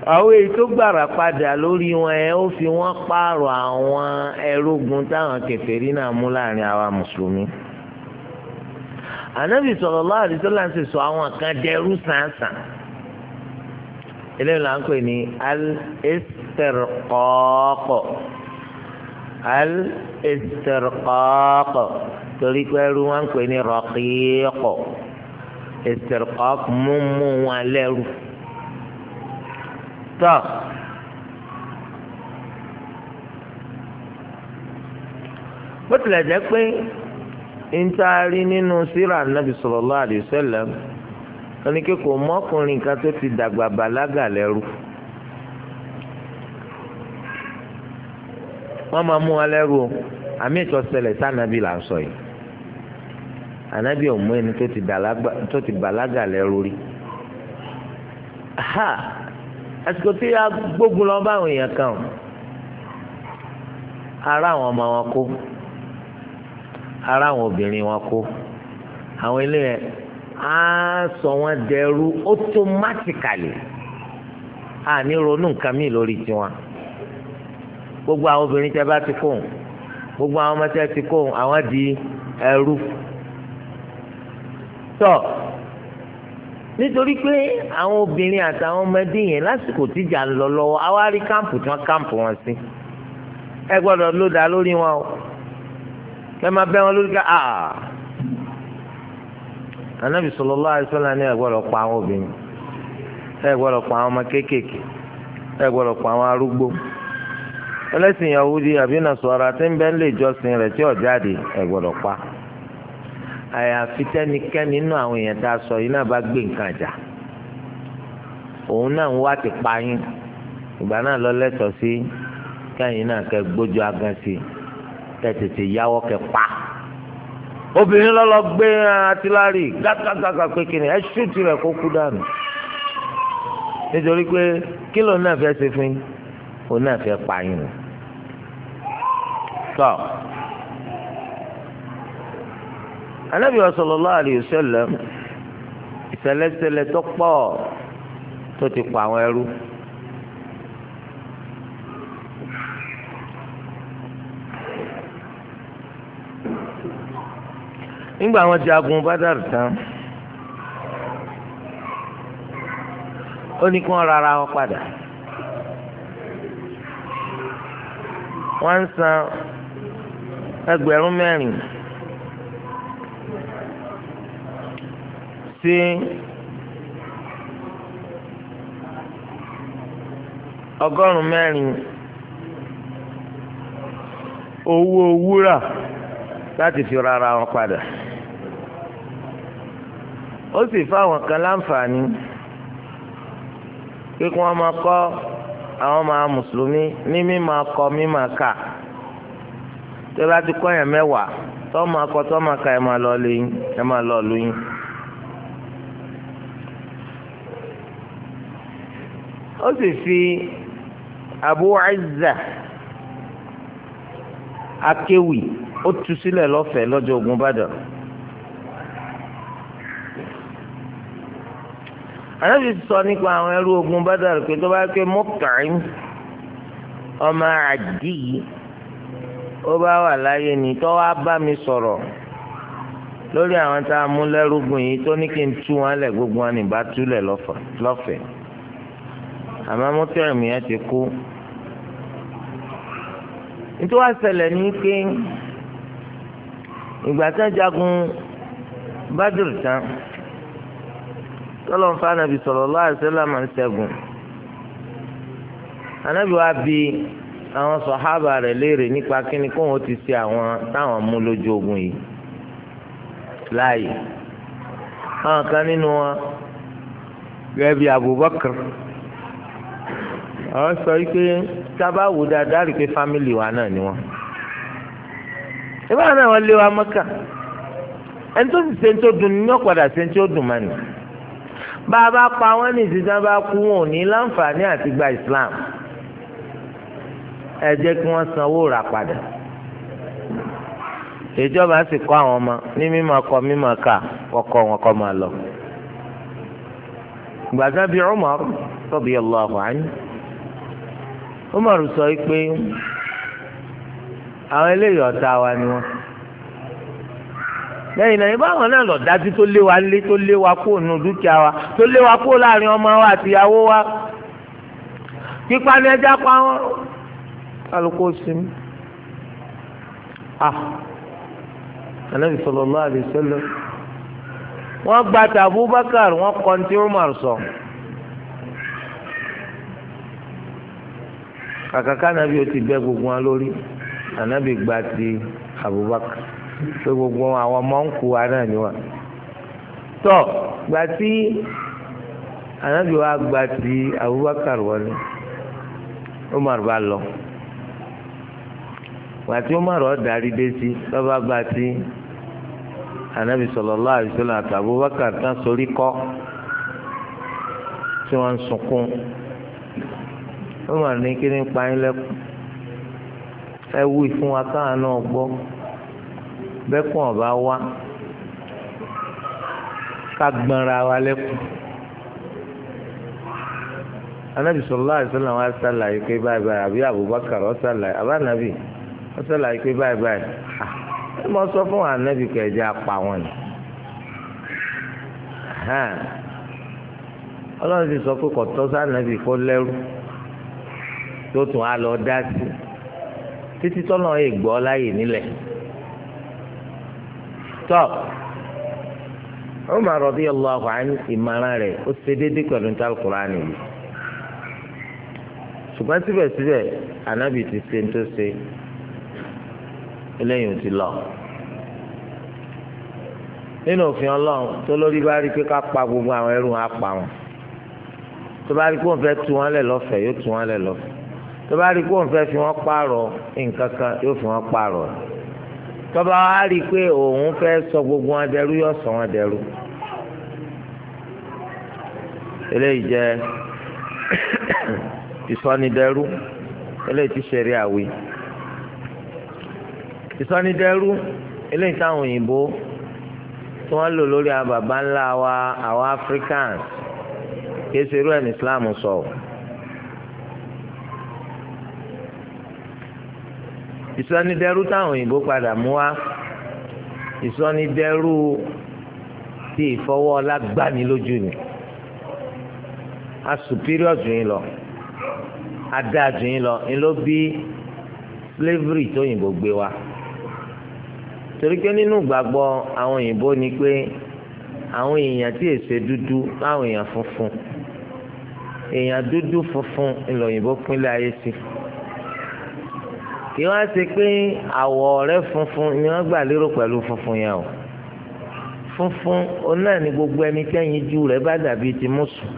Speaker 1: àwọn èyí tó gbàrà padà lórí wọn ẹ ó fi wọn pààrọ̀ àwọn ẹrógun táwọn kèfèrí náà mú láàrin àwa mùsùlùmí. ànábì sallallahu alaihi wasallam ń sọ àwọn kan dẹrú sàǹsàn eléyìí là ń pè ní al-istirqaq al-istirqaq torí pé ẹrú wọn ń pè ní raqiq istirqaq mímú wọn lẹ́rú tọ́.
Speaker 2: bó tilẹ̀ jẹ́ pé
Speaker 1: ntaari nínú síra anabi sallallahu alaihi wasallam ẹni kékeré mọ́kùnrin kan tó ti dàgbà bàlágà lẹ́rú. wọ́n máa mú wọn lẹ́rù àmì ìtọ́sẹ̀lẹ̀ sànàbì là ń sọ yìí ànábì ò mú ẹni tó ti bàlágà lẹ́rù rí ha àsìkò tí a gbógun lọ bá àwọn èèyàn kan ara àwọn ọmọ wọn kó ara àwọn obìnrin wọn kó àwọn ilé yẹn á sọ wọn dẹrú automatically àní ronú nǹkan míì lórí tiwọn gbogbo àwọn obìnrin tẹ bá ti kóhùn gbogbo àwọn ọmọ tẹ ti kóhùn àwọn di ẹrú tọ nítorí pé àwọn obìnrin àtàwọn ọmọdé yẹn lásìkò tíjà ń lọ lọ́wọ́ awárí káàmpù tí wọ́n káàmpù wọn sí ẹ gbọ́dọ̀ ló dá lórí wọn o kẹ máa bẹ wọn lórí ká aa anabi sallallahu alaihi wasallam ni ẹ gbọ́dọ̀ pa àwọn obìnrin ẹ gbọ́dọ̀ pa àwọn ọmọ kéékèèké ẹ gbọ́dọ̀ pa àwọn arúgbó. ẹlẹ́sìn yahudi àbí nasọ̀ra tí ń bẹ ń lè jọ́sìn rẹ tí ó jáde pa àyàfi tẹ́nikẹ́ni nínú àwọn èèyàn tá a sọ yìí náà bá gbé nǹkan jà òun náà ń wá ti pa yín ìgbà náà lọ lẹ́tọ̀ọ́ sí kẹ́yìn náà kẹ́ gbójú agan sí pa obìnrin gbé pé kìnìún ẹ ṣùtì kó kú dànù òun náà fẹ́ pààyàn tọ́ anabi sallallahu alayhi wa sallam ìṣẹ̀lẹ̀ṣẹlẹ̀ tó pọ̀ tó ti pa àwọn ẹrú. nígbà àwọn ti agun bádàrú tán ó ní kí wọ́n rárá wọn padà.
Speaker 2: wọ́n ń san ẹgbẹ̀rún mẹ́rin sí
Speaker 1: ọgọ́rùn mẹ́rin owó wúrà láti fi rárá wọn padà ó sì fáwọn kan láǹfààní kí wọ́n àwọn ọmọ mùsùlùmí ní mímọ akọ mímọ ká tó bá ti kọ́ yẹn mẹ́wàá tọ́mọ akọ tọ́mọ ká ẹ máa lọ lóyún ẹ máa lọ lóyún. ó sì fi Abu Izza akéwì ó tu sílẹ̀ lọ́fẹ̀ẹ́ lọ́jọ́ ogun Badr. ànábì sọ nípa àwọn ẹrú ogun bádàrú pé tó bá pé mọ́kàrín ọmọ àdì ó bá wà láyé ni tó wá bá mi sọ̀rọ̀ lórí àwọn tá a mú lẹ́rúgùn yìí tó ní kí n tú wọn lẹ̀ gbogbo wọn nìbá túlẹ̀ lọ́fẹ̀ẹ́ àmọ́ mọ́tẹ́rìmì yẹn ti kú nítorí wàá ṣẹlẹ̀ ní pé ìgbà tán jagun Badr tán tọ́lọ́ ń fa anabi sallallahu alaihi wasallam máa ń ṣẹ́gun anabi wa bi àwọn sọ̀hábà rẹ̀ léèrè nípa kíni kó wọn ti ṣe àwọn táwọn mú lójú ogun yìí láàyè àwọn kan nínú wọn gẹ́gẹ́ bí Abubakar àwọn sọ wípé sábà wò dáadáa rí pé fámìlì wa náà ni wọn ìbára náà wọn lé wa Mẹ́kà ẹni tó ti ṣe ń tó dùn ní ọ̀padà ṣe ń tó dùn mọ́ni bá a bá pa wọ́n ní ìsìn tí wọ́n bá kú wọn ò ní láǹfààní àti gba Islam ẹ jẹ́ kí wọ́n sanwó rà padà ìjọba sì kọ́ àwọn ọmọ ní mímọ̀ kọ mímọ̀ kà kọkọ wọn kọ máa lọ. gbàgbá bíi Umar radiyallahu anhu Umar sọ pé àwọn eléyìí ọ̀tá wa ni wọ́n lẹ́yìn náà ibà wọn náà lọ dájú tó lé wa lé tó lé wa kó nu dúkìá wa tó lé wa kó láàrin ọmọ wa àtìyàwó wa pípa ni ẹja pa wọn kálukú sinmi ah anabi sallallahu alaihi wasallam wọn gba ti Abubakar wọn kọ ní tí Umar sọ kàkàkà anabi ó ti bẹ gbogbo wọn lórí anabi gba ti Abubakar pé gbogbo àwọn ọmọ ń kú wa náà ni wọn. tọ́ gbà tí ànábì wa gbà tí Abubakar wọlé Umar bá lọ gbà tí Umar ọ̀darí dé sí lọ́ba gbà tí ànábì sallallahu alaihi wasallam àti Abubakar tán sorí kọ́ tí wọ́n ń sunkún Umar ní kí ni pa yín lẹ́kùn ẹ wí fún wa káwọn náà gbọ́ bẹ́kùn ọ̀bá wá ká gbọ́nra wa lẹ́kùn. anabi sallallahu alaihi wasallam wa sàlàyé pé báyìí báyìí àbí abubakar ọ sàlàyé abánabi ọ sàlàyé pé báyìí báyìí ẹ mọ sọ fún anabi kẹjẹ apá wọn ni ọlọ́run ti sọ pé kọ̀tọ́ sànàbì kó lẹ́rú tó tún á lọ dá sí títí tọ́lọ́ ìgbọ́ láyè nílẹ̀ tọ́ Umar radiyallahu anhu ìmọ̀ràn rẹ̀ ó ṣe déédéé pẹ̀lú ní al-Qur'an nìyí ṣùgbọ́n síbẹ̀síbẹ̀ ànábì ti ṣe ń tó ṣe eléyìí ò ti lọ nínú òfin ọlọ́run tó lórí bá rí pé ká pa gbogbo àwọn ẹrù wọn á pa wọn tó bá rí pé òun fẹ́ tu wọn lẹ̀ lọ́fẹ̀ẹ́ yóò tu wọn lẹ̀ lọ́fẹ̀ẹ́ tó bá rí pé òun fẹ́ fi wọn pààrọ̀ nǹkan kan yóò fi wọn pààrọ̀ rẹ̀ tọ́ba á rí i pé òun fẹ́ sọ gbogbo wọn dẹrú yóò sọ wọn dẹrú eléyìí jẹ ìsọnidẹrú eléyìí ti ṣeré àwí ìsọnidẹrú eléyìí táwọn òyìnbó tí wọ́n lò lórí àwọn baba ńlá wa àwọn africans kí eserú ẹ̀ islam sọ̀rọ̀. So. ìsọnidẹrú táwọn òyìnbó padà mú wá ìsọnidẹrú tí ìfọwọ́ ọlá lójú ni a superior jù yín lọ a dáa jù yín lọ ń ló bí slavery tó òyìnbó gbé wa torí pé nínú ìgbàgbọ́ àwọn òyìnbó ni pé àwọn èèyàn tí èsè dúdú láwọn èèyàn funfun èèyàn dúdú funfun ńlọ òyìnbó pínlẹ̀ ayé sí i kí wọ́n á ṣe pé àwọ̀ rẹ̀ funfun ni wọ́n gbà lérò pẹ̀lú funfun yẹn o funfun oná ní gbogbo ẹni tẹ́yìn ju rẹ̀ bá dàbí ti mùsùn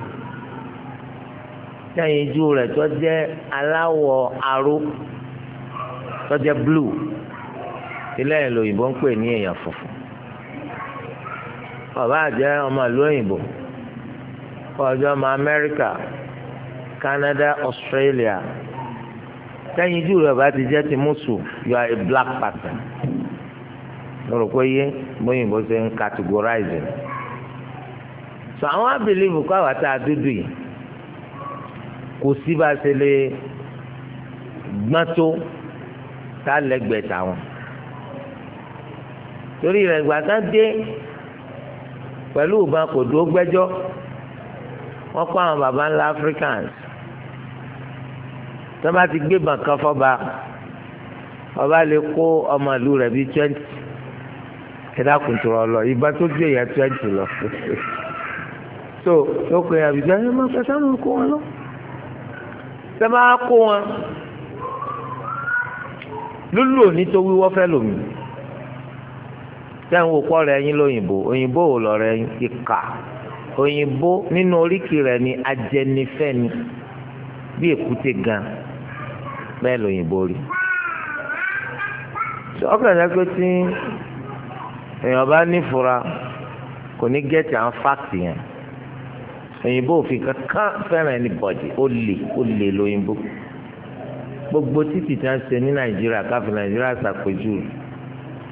Speaker 1: tẹ́yìn ju rẹ̀ tó jẹ́ aláwọ̀ aró tó jẹ́ blue ilé ìlú òyìnbó ń pè ní èèyàn funfun ọba àjẹ́ ọmọ ìlú òyìnbó ọjọ́ ọmọ Amẹ́ríkà Canada Australia sẹ́yìn jù rẹ̀ bá ti jẹ́ ti mùsù you are a black person mo rò pé yé bóyìnbó ṣe ń categorizing so àwọn abìlíìfù kó àwọn tá a dúdú yìí kò sí bá a ṣe lè gbọ́n tó tá a lẹ́gbẹ̀ẹ́ táwọn torí rẹ̀ ìgbà kan dé pẹ̀lú ìbọn kò dúró gbẹ́jọ́ wọ́n kó àwọn baba ńlá Africans tó bá ti gbé bàǹkan fọba ọba lè kó ọmọ ìlú rẹ̀ bíi twenty ìdákùn tó rọ lọ tó gbé yẹn twenty lọ so ó pe àbíjá ẹ máa fẹ́ sánú kó wọn lọ tẹ máa kó wọn lúlù òní tó wíwọ́ fẹ́ lòmí tẹ́ ń wò kọ́ rẹ̀ yín lóyìnbó òyìnbó ò lọ rẹ̀ yín ìkà òyìnbó nínú oríkì rẹ̀ ni ajẹnifẹ́ni bí èkúté gan-an bẹ́ẹ̀ lóyìnbó rí ọkàn jẹ́ pé tí èèyàn bá nífura kò ní gẹ́tì àwọn fáàkì yẹn òyìnbó òfin kankan fẹ́ràn ẹni bọ̀dì ó lè ó lè lóyìnbó gbogbo títì tí wọ́n ṣe ní nàìjíríà káfí nàìjíríà ṣàpèjú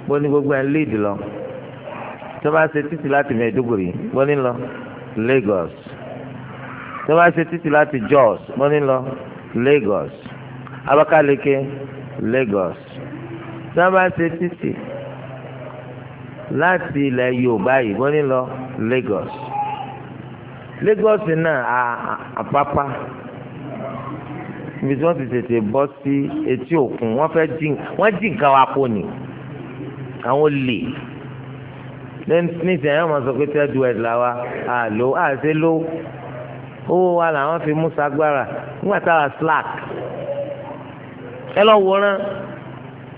Speaker 1: bó ní gbogbo ẹ̀ lead lọ tó bá ṣe títì láti mẹ́ẹ̀dógòrì bó ní lọ Lagos tó bá ṣe títì láti Jos bó ní lọ Lagos. Abakaliki Lagos tí wọ́n bá ṣe títì láti ilẹ̀ Yorùbá yìí wọ́n ní lọ Lagos Lagos náà àpápá ibi tí wọ́n ti tètè bọ́ sí etí òkun wọ́n fẹ́ dín wọ́n dín nǹkan wa kò ní àwọn olè nísìnyí àwọn sọ pé tẹ́jú ẹ̀ là wa àlò àṣẹ ló owó wa làwọn fi mú sagbára nígbà táwa slack ẹ lọ wòran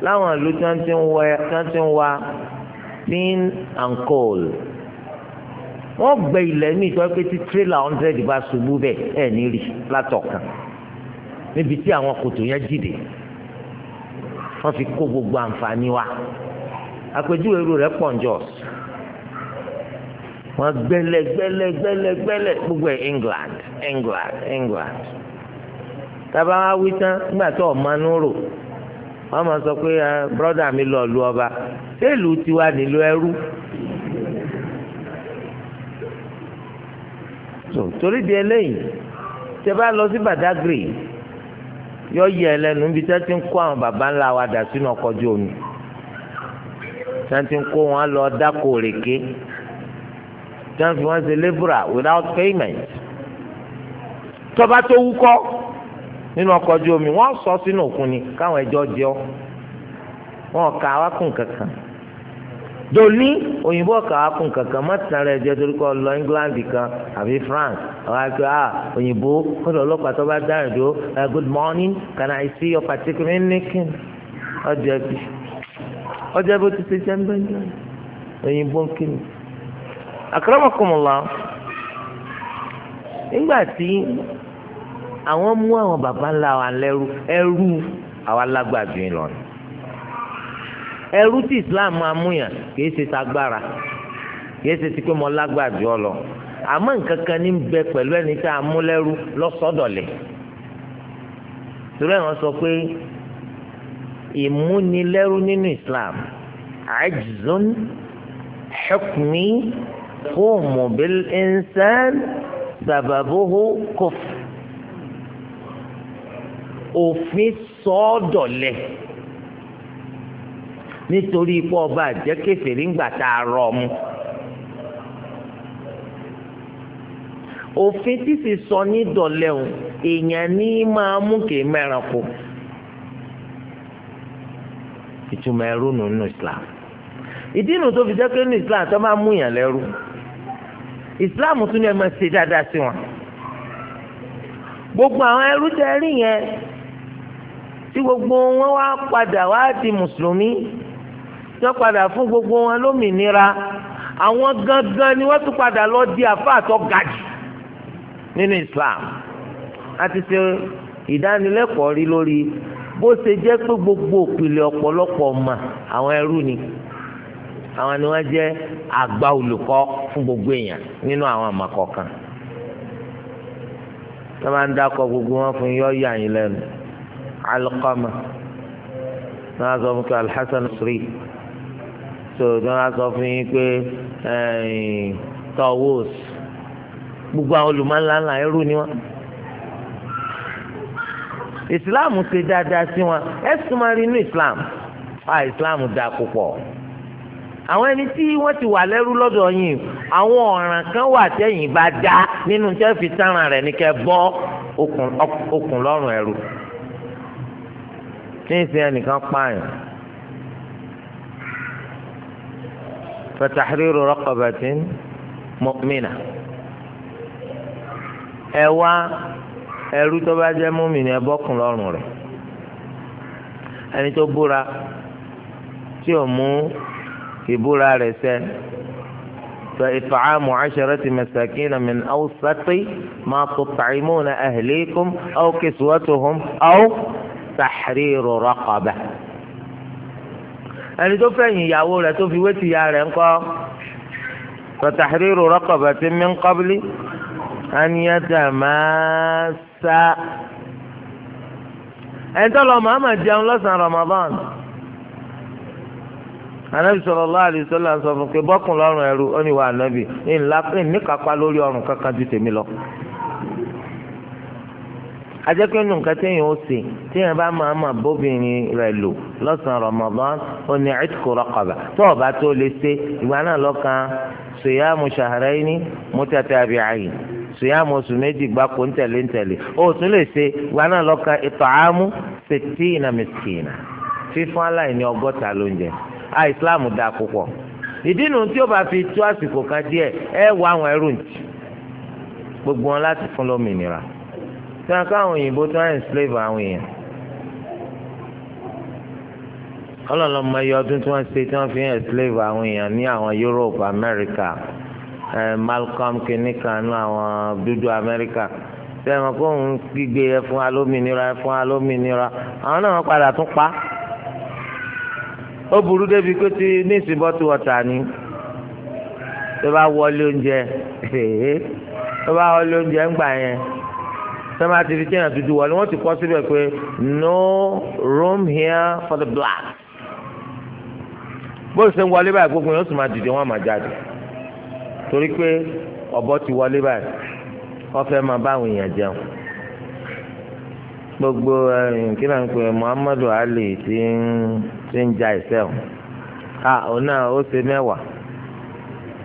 Speaker 1: láwọn ìlú tí wọ́n ti ń wa tin and coal wọ́n gbẹ́ ilẹ̀ ní ìtọ́ pé tí tírélà hundred bá ṣubú bẹ́ẹ̀ ẹ̀ ní rí látọ̀kan níbi tí àwọn kòtò yẹn jìde wọ́n fi kó gbogbo àǹfààní wa àpèjúwe irú rẹ̀ pọ̀ njọ́ wọ́n gbẹ́lẹ̀ gbẹ́lẹ̀ gbẹ́lẹ̀ gbẹ́lẹ̀ gbogbo ẹ̀ England England England tábà wá wí tán nígbà tó ọmọ inú rò wọ́n máa sọ pé ah, brọ́dà mi lọ lu ọba ṣé ìlú tiwa nílò ẹrú. torí di eléyìí tẹ bá lọ sí Badagry yọ yẹ ẹlẹnu níbi tí wọ́n ti ń kó àwọn baba ńlá wa dà sínú ọkọ̀ omi tí ti ń kó wọn lọ dáko rèké tí wọ́n fi wọ́n ṣe labourer without payment tọ́ba tó wúkọ́. nínú ọkọ̀ omi wọ́n sọ sínú òkun ni káwọn ẹjọ́ jẹ ọ́ wọn kà kankan dòní òyìnbó kankan rẹ̀ jẹ́ torí England kan àbí France àwọn ah òyìnbó kọ́dọ̀ ọlọ́pàá tó bá dáhùn uh, good morning can I see your particular nickname ọjọ́ ẹbí ọjọ́ ẹbí ó ti ṣe jẹ́ ń bẹ́ẹ̀ jẹ́ òyìnbó nígbà àwọn mú àwọn baba ńlá wa lẹ́rú ẹrú àwa lágbàdo yìí lọ́nà ẹrú tí islam máa mú yàn kìí ṣe tagbára kìí ṣe ti pé mo lágbàdo ọ lọ àmọ́ nǹkan kan ní bẹ pẹ̀lú ẹni tá a mú lẹ́rú lọ́sọ̀dọ̀lẹ̀ torí àwọn sọ pé ìmúnilẹ́rú nínú islam ajzun hukmi fóòmù bil insan sababuhu kufr. òfin sọ́ọ̀dọ̀lẹ̀ nítorí ipò ọba àjẹ́ kèfèrí ńgbà tá a rọ̀ ọ́ mu. òfin tí sì sọ ní dọ̀lẹ́ o èèyàn ní máa mú kèé mẹ́ràn kù. ìtumọ̀ ẹrú nù nù Islam ìdí inú tó fi jẹ́ pé nù Islam tó máa mú yàn lẹ́rú Islam tún ní ẹ máa ṣe dáadáa sí wọn. gbogbo àwọn ẹrú tẹ rí yẹn tí gbogbo wọn wá padà wá di mùsùlùmí tí wọ́n padà fún gbogbo wọn lómìnira àwọn gangan ni wọ́n tún padà lọ di àfáà tó nínú Islam a ti ṣe ìdánilẹ́kọ̀ọ́ rí lórí bó ṣe jẹ́ pé gbogbo òpìlẹ̀ ọ̀pọ̀lọpọ̀ mà àwọn ẹrú ni àwọn ni wọ́n jẹ́ àgbà olùkọ́ fún gbogbo èèyàn nínú àwọn àmàkọ̀kan tó máa ń dákọ̀ gbogbo wọn fún yọ́ yà yín lẹ́nu alqama náà sọ fún kí alhassan sori tó náà sọ fún yín pé tawus gbogbo àwọn olùmọ̀láńlá ẹrú ni wọn ìsìláàmù ṣe dáadáa sí wọn ẹsùn máa rí inú ìsìláàmù a ìsìláàmù da púpọ̀ àwọn ẹni tí wọ́n ti wà lẹ́rú lọ́dọ̀ yìí àwọn ọ̀ràn kan wà tẹ́yìn bá dá nínú tẹ́ sára rẹ̀ ní kẹ́ bọ́ okùn lọ́rùn ẹrú. tí ń sin ẹnìkan pààyàn fatahriru raqabatin mu'mina ẹ wá ẹrú tó bá jẹ́ mọ́mìnì ẹ bọ́kùn lọ́rùn rẹ̀ ẹni tó búra tí ò mú ìbúra rẹ̀ ṣẹ to náà فإطعام عشرة مساكين من أوسط ما تطعمون أهليكم أو كسوتهم أو تحرير رقبة. ẹni tó fẹ̀yìn ìyàwó rẹ̀ tó fi wé ti ya rẹ̀ ńkọ́ fa tahriru raqabatin min qabli an yatamassa ẹni tó lọ màmá jẹun lọ́sàn-án Ramadan anabi sallallahu alaihi wasallam sọ fún pé bọ́kùn lọ́rùn ẹrú ó ní wà ànábì ní ńlá lórí ọrùn kankan ju tèmi lọ. ajẹ́pẹ́ nù nǹkan téèyàn ó sè téèyàn bá máa ma bóbìnrin rẹ̀ lò lọ́sàn-án Ramadan ó ní itqu tó o bá tó lè ṣe ìgbà náà lọ́kàn siyamu shahrayni mutatabi'ayn siyamu oṣù méjì gbáko ńtẹ̀lé ńtẹ̀lé ó tún lè ṣe ìgbà náà lọ́kàn it'amu sittina miskina fífún aláìní ọgọ́ta ló ń jẹ a Islam dáa púpọ̀ ìdí nu tí bá fi tó àsìkò gbogbo wọn láti fún lómìnira. tí wọn káwọn òyìnbó tí wọn ń slave àwọn èèyàn ọlọ́lọ́ mọ iye ọdún tí wọ́n ṣe tí wọ́n fi ń slave àwọn èèyàn ní àwọn Europe America eh, Malcolm kìnnìkan ní àwọn dúdú America sẹ́wọ̀n kó ń gbígbé ẹ fún alómìnira ẹ fún alómìnira àwọn náà wọ́n padà tún pa ó burú débi pé ti ní ìsìn bọ́tù ni tó bá wọlé oúnjẹ tó bá wọlé oúnjẹ ń gbà yẹn sọ́mà ti fi kéèyàn dúdú wọlé wọ́n ti kọ́ síbẹ̀ pé no room here for the black. bó ṣe ń wọlé báyìí gbogbo yẹn ó sì máa dìde wọ́n máa jáde torí pé ọ̀bọ ti wọlé báyìí wọ́n fẹ́ máa bá àwọn èèyàn jẹun gbogbo eh, kí náà ń pè Muhammadu Ali ti ń ti ń ja ìsẹ́wọ̀n a òun náà ó ṣe mẹ́wàá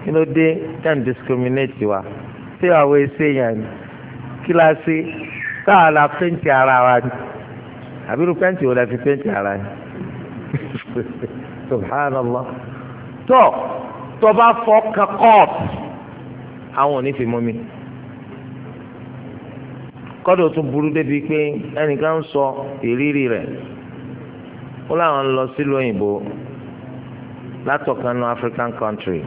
Speaker 1: kí ló dé ten discriminate wa ṣé àwọn ẹsẹ̀ yẹn ni kíláàsì táà la pẹ́ǹtì ara wa ni àbírú pẹ́ǹtì wo la fi pẹ́ǹtì ara ni subhanallah
Speaker 2: tó tó bá fọ́ kakọ́ọ̀pù
Speaker 1: àwọn ò ní fi mú mi kọ́dọ̀ tún burú débi pé ẹnìkan ń sọ ìrírí rẹ̀ ó láwọn lọ sílùú òyìnbó látọ̀kan African country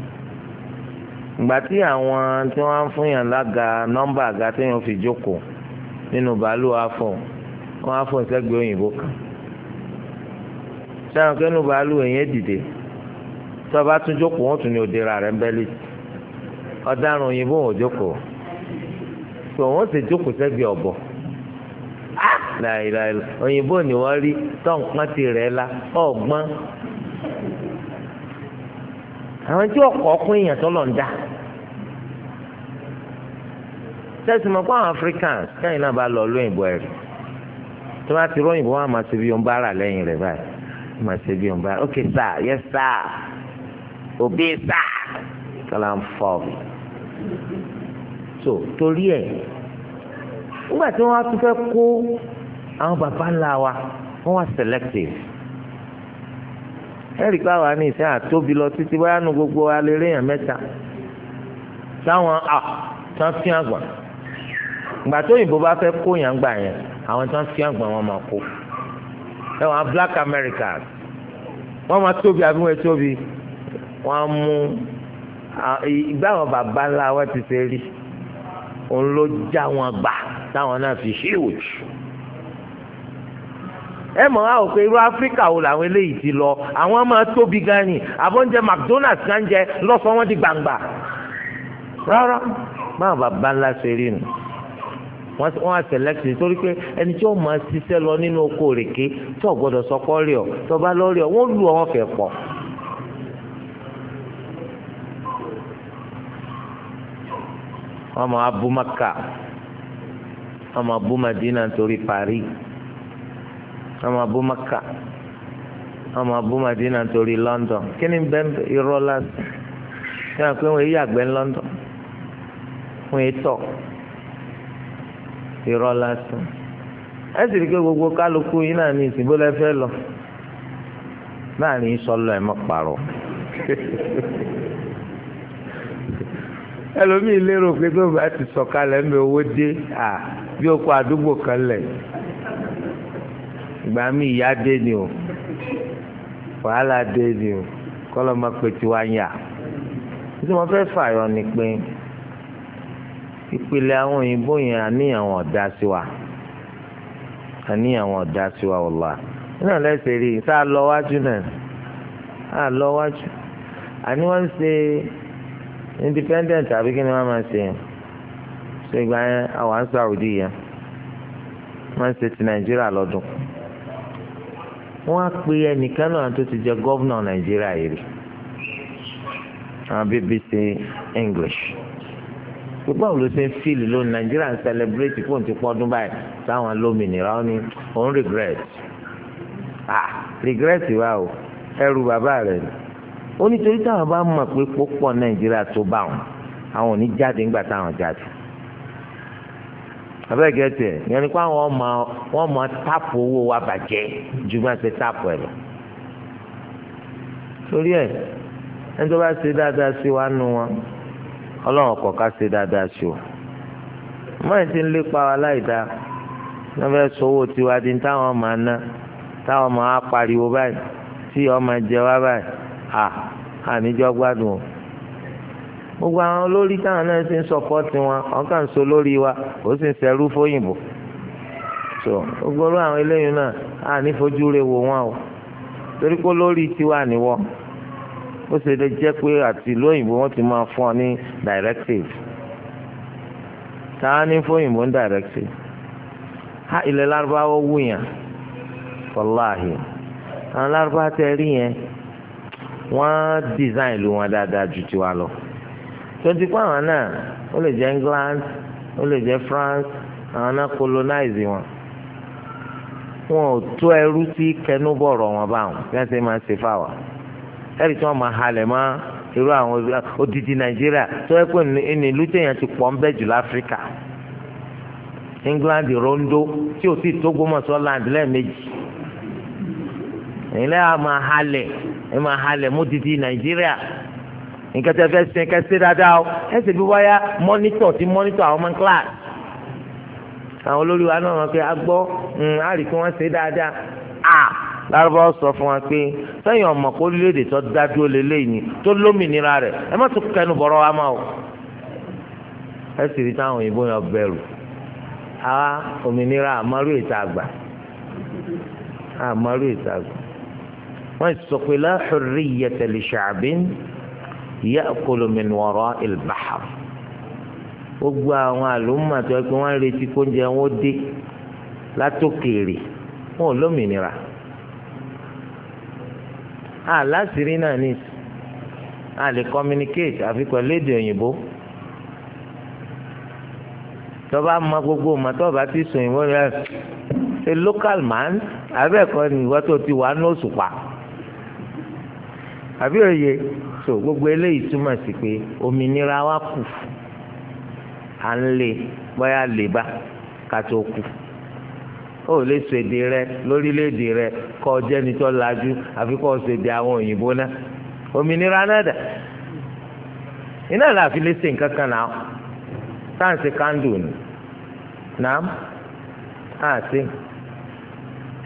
Speaker 1: ìgbà tí àwọn tí wọ́n á fún yàn lága nọ́mbà àga tí yàn fi jókòó nínú bàálù afọ wọn afọ ìsẹ́gbẹ̀ẹ́ òyìnbó kan sẹ́wọ̀n kẹ́nu bàálù èyàn dìde tó bá tún jókòó wọn tún ní òdera rẹ̀ ń bẹ́lí ọ̀daràn òyìnbó wọn ò jókòó tó wọn sì jókòó sẹ́gbẹ̀ẹ́ ọ̀bọ ah! láìláìlá òyìnbó ni wọ́n rí tó nǹkan ti rẹ̀ la ọ̀gbọ́n àwọn tí ọkọ̀ ọkùn èèyàn tó lọ ń dá tẹ́sí mọ̀ pé àwọn Africans kẹ́yìn náà bá lọ lóyìnbó ẹ̀rì tí wọ́n ti rọ́yìnbó wọn máa ṣe bí wọn bára lẹ́yìn rẹ̀ báyìí máa ṣe bí wọn bára ok sir yes sir òbí sir kọ́lá ń fọ́ mi so torí ẹ̀ nígbà tí wọ́n á tún fẹ́ kó àwọn bàbá ńlá wa wọ́n wá selective ẹ̀rí pé àwa ní ìsẹ́ àtóbi lọ títí bóyá nu gbogbo alẹ́ rèèyàn mẹ́ta táwọn à tán fi àgbà gbà tó òyìnbó bá fẹ́ kó yàn gbà yẹn àwọn tán fi àgbà wọn máa kó ẹwọn black americans wọn máa tóbi àbí wọn tóbi wọn mú ìgbà àwọn bàbá ńlá wọn ti ṣe rí òun ló já wọn gbà táwọn náà fi
Speaker 2: ṣíwòjì
Speaker 1: ẹ mọ̀ á ò pé irú áfíríkà wo làwọn eléyìí ti lọ àwọn máa tóbi gan ni àbọ̀njẹ McDonald's kan jẹ lọ́sọ̀ wọn di gbangba rárá máa bàbá ńlá ṣe rí nu wọ́n á select torí pé ẹni tí ó máa ṣiṣẹ́ lọ nínú oko òrèké tí ò gbọ́dọ̀ sọkọ́ rí ọ tó bá lọ ọ wọ́n lù ọ́ fẹ́ pọ̀.
Speaker 2: wọ́n máa bú maka
Speaker 1: wọ́n máa bú madina torí parí. ọmọ máa maka wọn máa madina torí london kini bẹ irọ́ lásán ní àpé wọn àgbẹ̀ ń london wọn èyí irọ́ lásán ẹ sì rí i pé gbogbo kálukú yín náà ní ìsìnbó lẹ́fẹ́ lọ láàrin sọlọ ẹ̀ mọ́ pààrọ̀ ẹlòmíì lérò pé tó bá ti sọ̀kalẹ̀ ń bẹ owó dé bí o kọ àdúgbò kan lẹ̀ ìgbà mi ìyá dé ni o wàhálà dé ni o kọ́lọ́ máa pè tí wàá yà tí wọ́n fẹ́ fààyọ ni pé ìpìlẹ̀ àwọn òyìnbó yẹn àníyàn wọn dá sí wa àníyàn wọn dá sí wa ọ̀la nínú ẹlẹ́sẹ̀ rí i tá lọ wájú náà a lọ wájú àní wọ́n ń ṣe independent àbí kí ni wọ́n máa ṣe ṣe ìgbà yẹn àwọn Saudi yẹn wọ́n ń ṣe ti Nàìjíríà lọ́dún wọ́n á pe ẹnìkan náà tó ti jẹ gọ́vnà nàìjíríà yìí rí àwọn BBC English gbogbo àwọn olùsìn fíìlì lónìí nàìjíríà ń sẹlẹbírẹ́tì fóun ti pọ́ ọdún báyìí táwọn lómìnira ó ní òun regret ah regret wa o ẹrù bàbá rẹ̀ ni ó nítorí táwọn bá mọ̀ pé púpọ̀ nàìjíríà tó bá wọn àwọn ò ní jáde ńgbà táwọn jáde abẹ́gẹ́ tẹ̀ yẹn ni pé àwọn ọmọ wọn mọ táàpù owó wa bàjẹ́ ju máa ṣe táàpù ẹ̀ lọ. torí ẹ ẹni tó bá ṣe dáadáa sí wa nù wọn ọlọ́run kọ̀ ká ṣe dáadáa sí o. mọ́ẹ̀ ti ń lépa wa láì dáa wọ́n fẹ́ sọ́wọ́ tiwa di táwọn máa ná táwọn máa pariwo báyìí tí ọmọ jẹ wá báyìí à àníjọ́ gbádùn o gbogbo àwọn olórí táwọn náà ṣe ń sọpọ́tì wọn ọ̀nkà ń so lórí wa ó sì ń sẹ́rú fóyìnbó so gbogbo àwọn eléyìí náà á ní fojú rẹ wò wọn o torí pé lórí tiwa níwọ ó ṣe lè jẹ́ pé àti ìlú òyìnbó wọ́n ti máa fún ọ ní directive táwọn ní fóyìnbó ń directive ha ilẹ̀ lárúbáwọ́ wù yàn wàláhì àwọn lárúbáwọ́ tẹ rí yẹn wọ́n design lu wọn dáadáa ju tiwa lọ. tó ti àwọn náà ó lè jẹ́ England ó lè France àwọn náà colonize wọn wọn ò tó ẹrú tí kẹnu bọ̀rọ̀ wọn bá bí wọ́n ṣe máa ṣe fáwọn tí máa irú àwọn odidi Nàìjíríà tó yẹ pé ní ìlú ti pọ̀ ń bẹ́ jù láfíríkà England Rondo tí ò sì tó gbọmọ̀sọ́ land lẹ́ẹ̀mejì ìlẹ́ máa halẹ̀ máa halẹ̀ mọ́ odidi Nàìjíríà nǹkan tẹ́ fẹ́ sin kẹ́ sí dáadáa o ẹ sì fi wáyà mọ́nítọ̀ tí mọ́nítọ̀ àwọn ọmọ kíláàsì àwọn olórí wa náà wọn pe agbọ́ á mm, rí kí wọ́n ṣe dáadáa à lárúbáwá sọ fún wa pé sẹ́yìn ọmọ kó léde tó dádúró lélẹ́yìn ni tó lómìnira rẹ̀ ẹ má tún kẹnu bọ̀rọ̀ wa máa o ẹ sì rí táwọn òyìnbó yẹn bẹ̀rù àwa òmìnira àmọ́rú ìta àgbà àmọ́rú ìta àgbà wọ́n sọ pé la hurriyyata li sha'bin ya'kulu min wara'il bahr gbogbo àwọn àlùmọ̀ tó yẹ kí wọ́n retí kó oúnjẹ wọn dé látòkèèrè wọn ò lómìnira àlásìrí náà ní a lè communicate àfi pẹ̀lú èdè òyìnbó tọ́ba mọ gbogbo ọmọ tọ́ba ti sùn ìwọ rẹ a local man abẹ́ẹ̀kọ́ ni ìwọ tó ti wà ní òṣùpá àbí òye so gbogbo eléyìí túmọ̀ sí pé òmìnira wa kù à ń lè bóyá lè bá ká tó kù ó lè sọ èdè rẹ lórílẹ̀‐èdè rẹ kọ́ jẹ́ni tó lajú àfi kọ́ sọ èdè àwọn òyìnbó náà òmìnira náà dà iná là fi lè ṣe nǹkan kan náà sáǹsì kándù ni nàám àti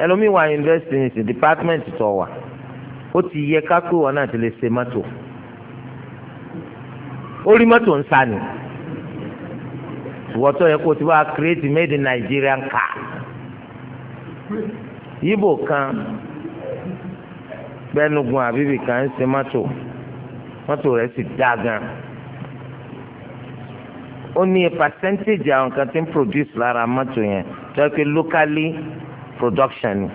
Speaker 1: ẹlòmíwá yunifásitì ní ti dìpátímẹ́ǹtì tó wà ó ti yẹ ká pé wọn náà ti lè ṣe mọ́tò ó rí mọ́tò ń sani ìwọ́tọ̀ yẹ kó ti wá create made in Nigerian car yíbò kan gbẹnugun àbíbì kan ń ṣe mọ́tò mọ́tò rẹ̀ sì dá gan ó ní percentage àwọn kan tí ń produce lára mọ́tò yẹn tó yẹ pé locally production ni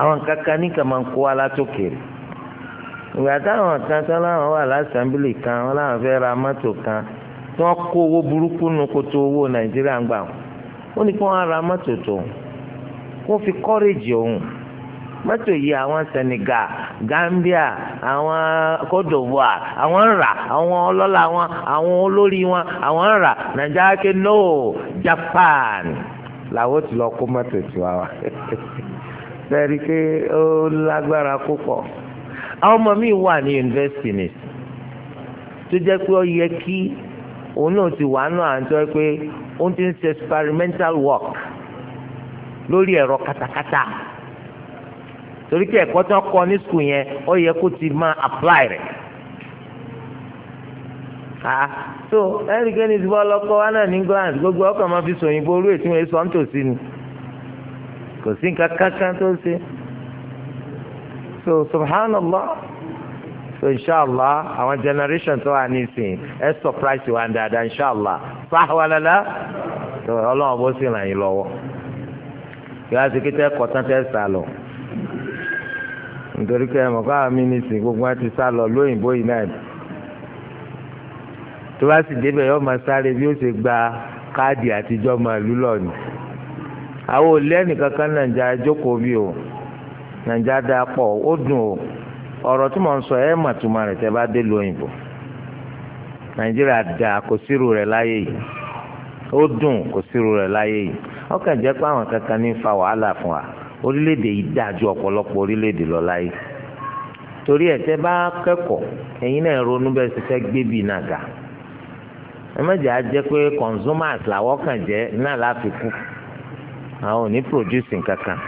Speaker 1: àwọn kankan ní kàmáńkó alátòkèrè. ìgbà táwọn kan tán wà lásàmbílì kan wọn láwọn ra kan tí kó owó burúkú nu owó nàìjíríà gba gbà wọn ó ní kí wọ́n ra tó fi kọ́rẹ́jì yìí àwọn Senegal Gambia àwọn Côte àwọn ń rà àwọn ọlọ́lá wọn àwọn olórí wọn àwọn Japan làwọn ti lọ kó wa pé àwọn ọmọ mi wà ní yunifásitì ni tó jẹ́ pé ó yẹ kí òun náà ti wà nù àǹtọ́ pé ó ti ń ṣe experimental work lórí ẹ̀rọ katakata torí pé ẹ̀kọ́ tó kọ ní sùkùl yẹn ó yẹ kó ti máa apply rẹ̀ ah so ẹnikẹ́ni ti bọ́ lọ́kọ́ wa náà ní England gbogbo ọkọ̀ máa fi sòyìnbó orú ètí wọn èso ọ̀ǹtòsí ni kò sí nǹkan kankan tó ṣe. so subhanallah so inshallah our generation tó wà nísìn ẹ surprise wa dáadáa inshallah so ọlọ́run bó sì ràn yín lọ́wọ́ yóò ṣe kíkẹ́ kọ́tán tẹ́ káwọn gbogbo wọn ti sá lóyìnbó yìí náà tó bá sì débẹ̀ yóò máa sáré bí ó ṣe gba káàdì àtijọ́ máa lọ́ọ̀nù àwọn kankan náà ń jà o. nàìjíríà dáa pọ̀ ó dùn o ọ̀rọ̀ tí mo ń sọ e mà túmọ̀ rẹ̀ tẹ́ bá dé lu òyìnbó nàìjíríà dáa kò sírù rẹ̀ láyé yìí ó dùn kò sírù rẹ̀ láyé yìí ó kàn pé àwọn kankan ní fa wàhálà fún wa orílẹ̀-èdè yìí dáa ju ọ̀pọ̀lọpọ̀ orílẹ̀-èdè lọ láyé torí ẹ̀ tẹ́ bá kẹ́kọ̀ọ́ ẹ̀yin náà ronú bẹ́ẹ̀ sì fẹ́ gbé ẹ á jẹ́ pé consumers kàn jẹ́ náà láfikún àwọn ò ní producing kankan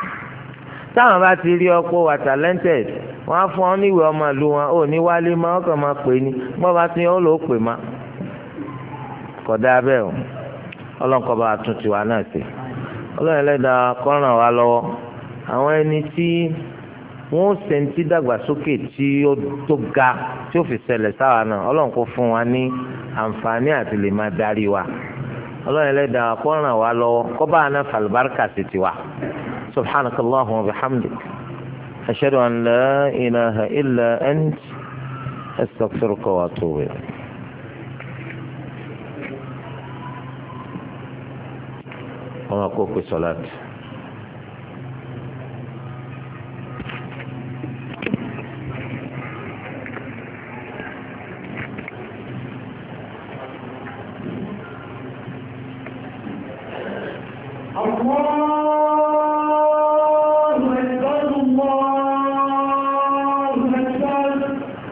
Speaker 1: táwọn bá ti rí wa talented wọn á fún ọ ìwé ọmọ ìlú wọn ò ní wálé má ọkọ máa pè ní bọ́ bá ti ó lò ó pè má kọ̀dá o ọlọ́nkọ́ bá tún tiwa náà sí ọlọ́run ẹlẹ́dàá wa lọ́wọ́ àwọn ẹni tí wọ́n dàgbàsókè tí ó tó ga tí ó fi ṣẹlẹ̀ سبحانك اللهم وبحمدك أشهد أن لا إله إلا أنت أستغفرك وأتوب إليك وما كوكو صلاتي
Speaker 2: Allah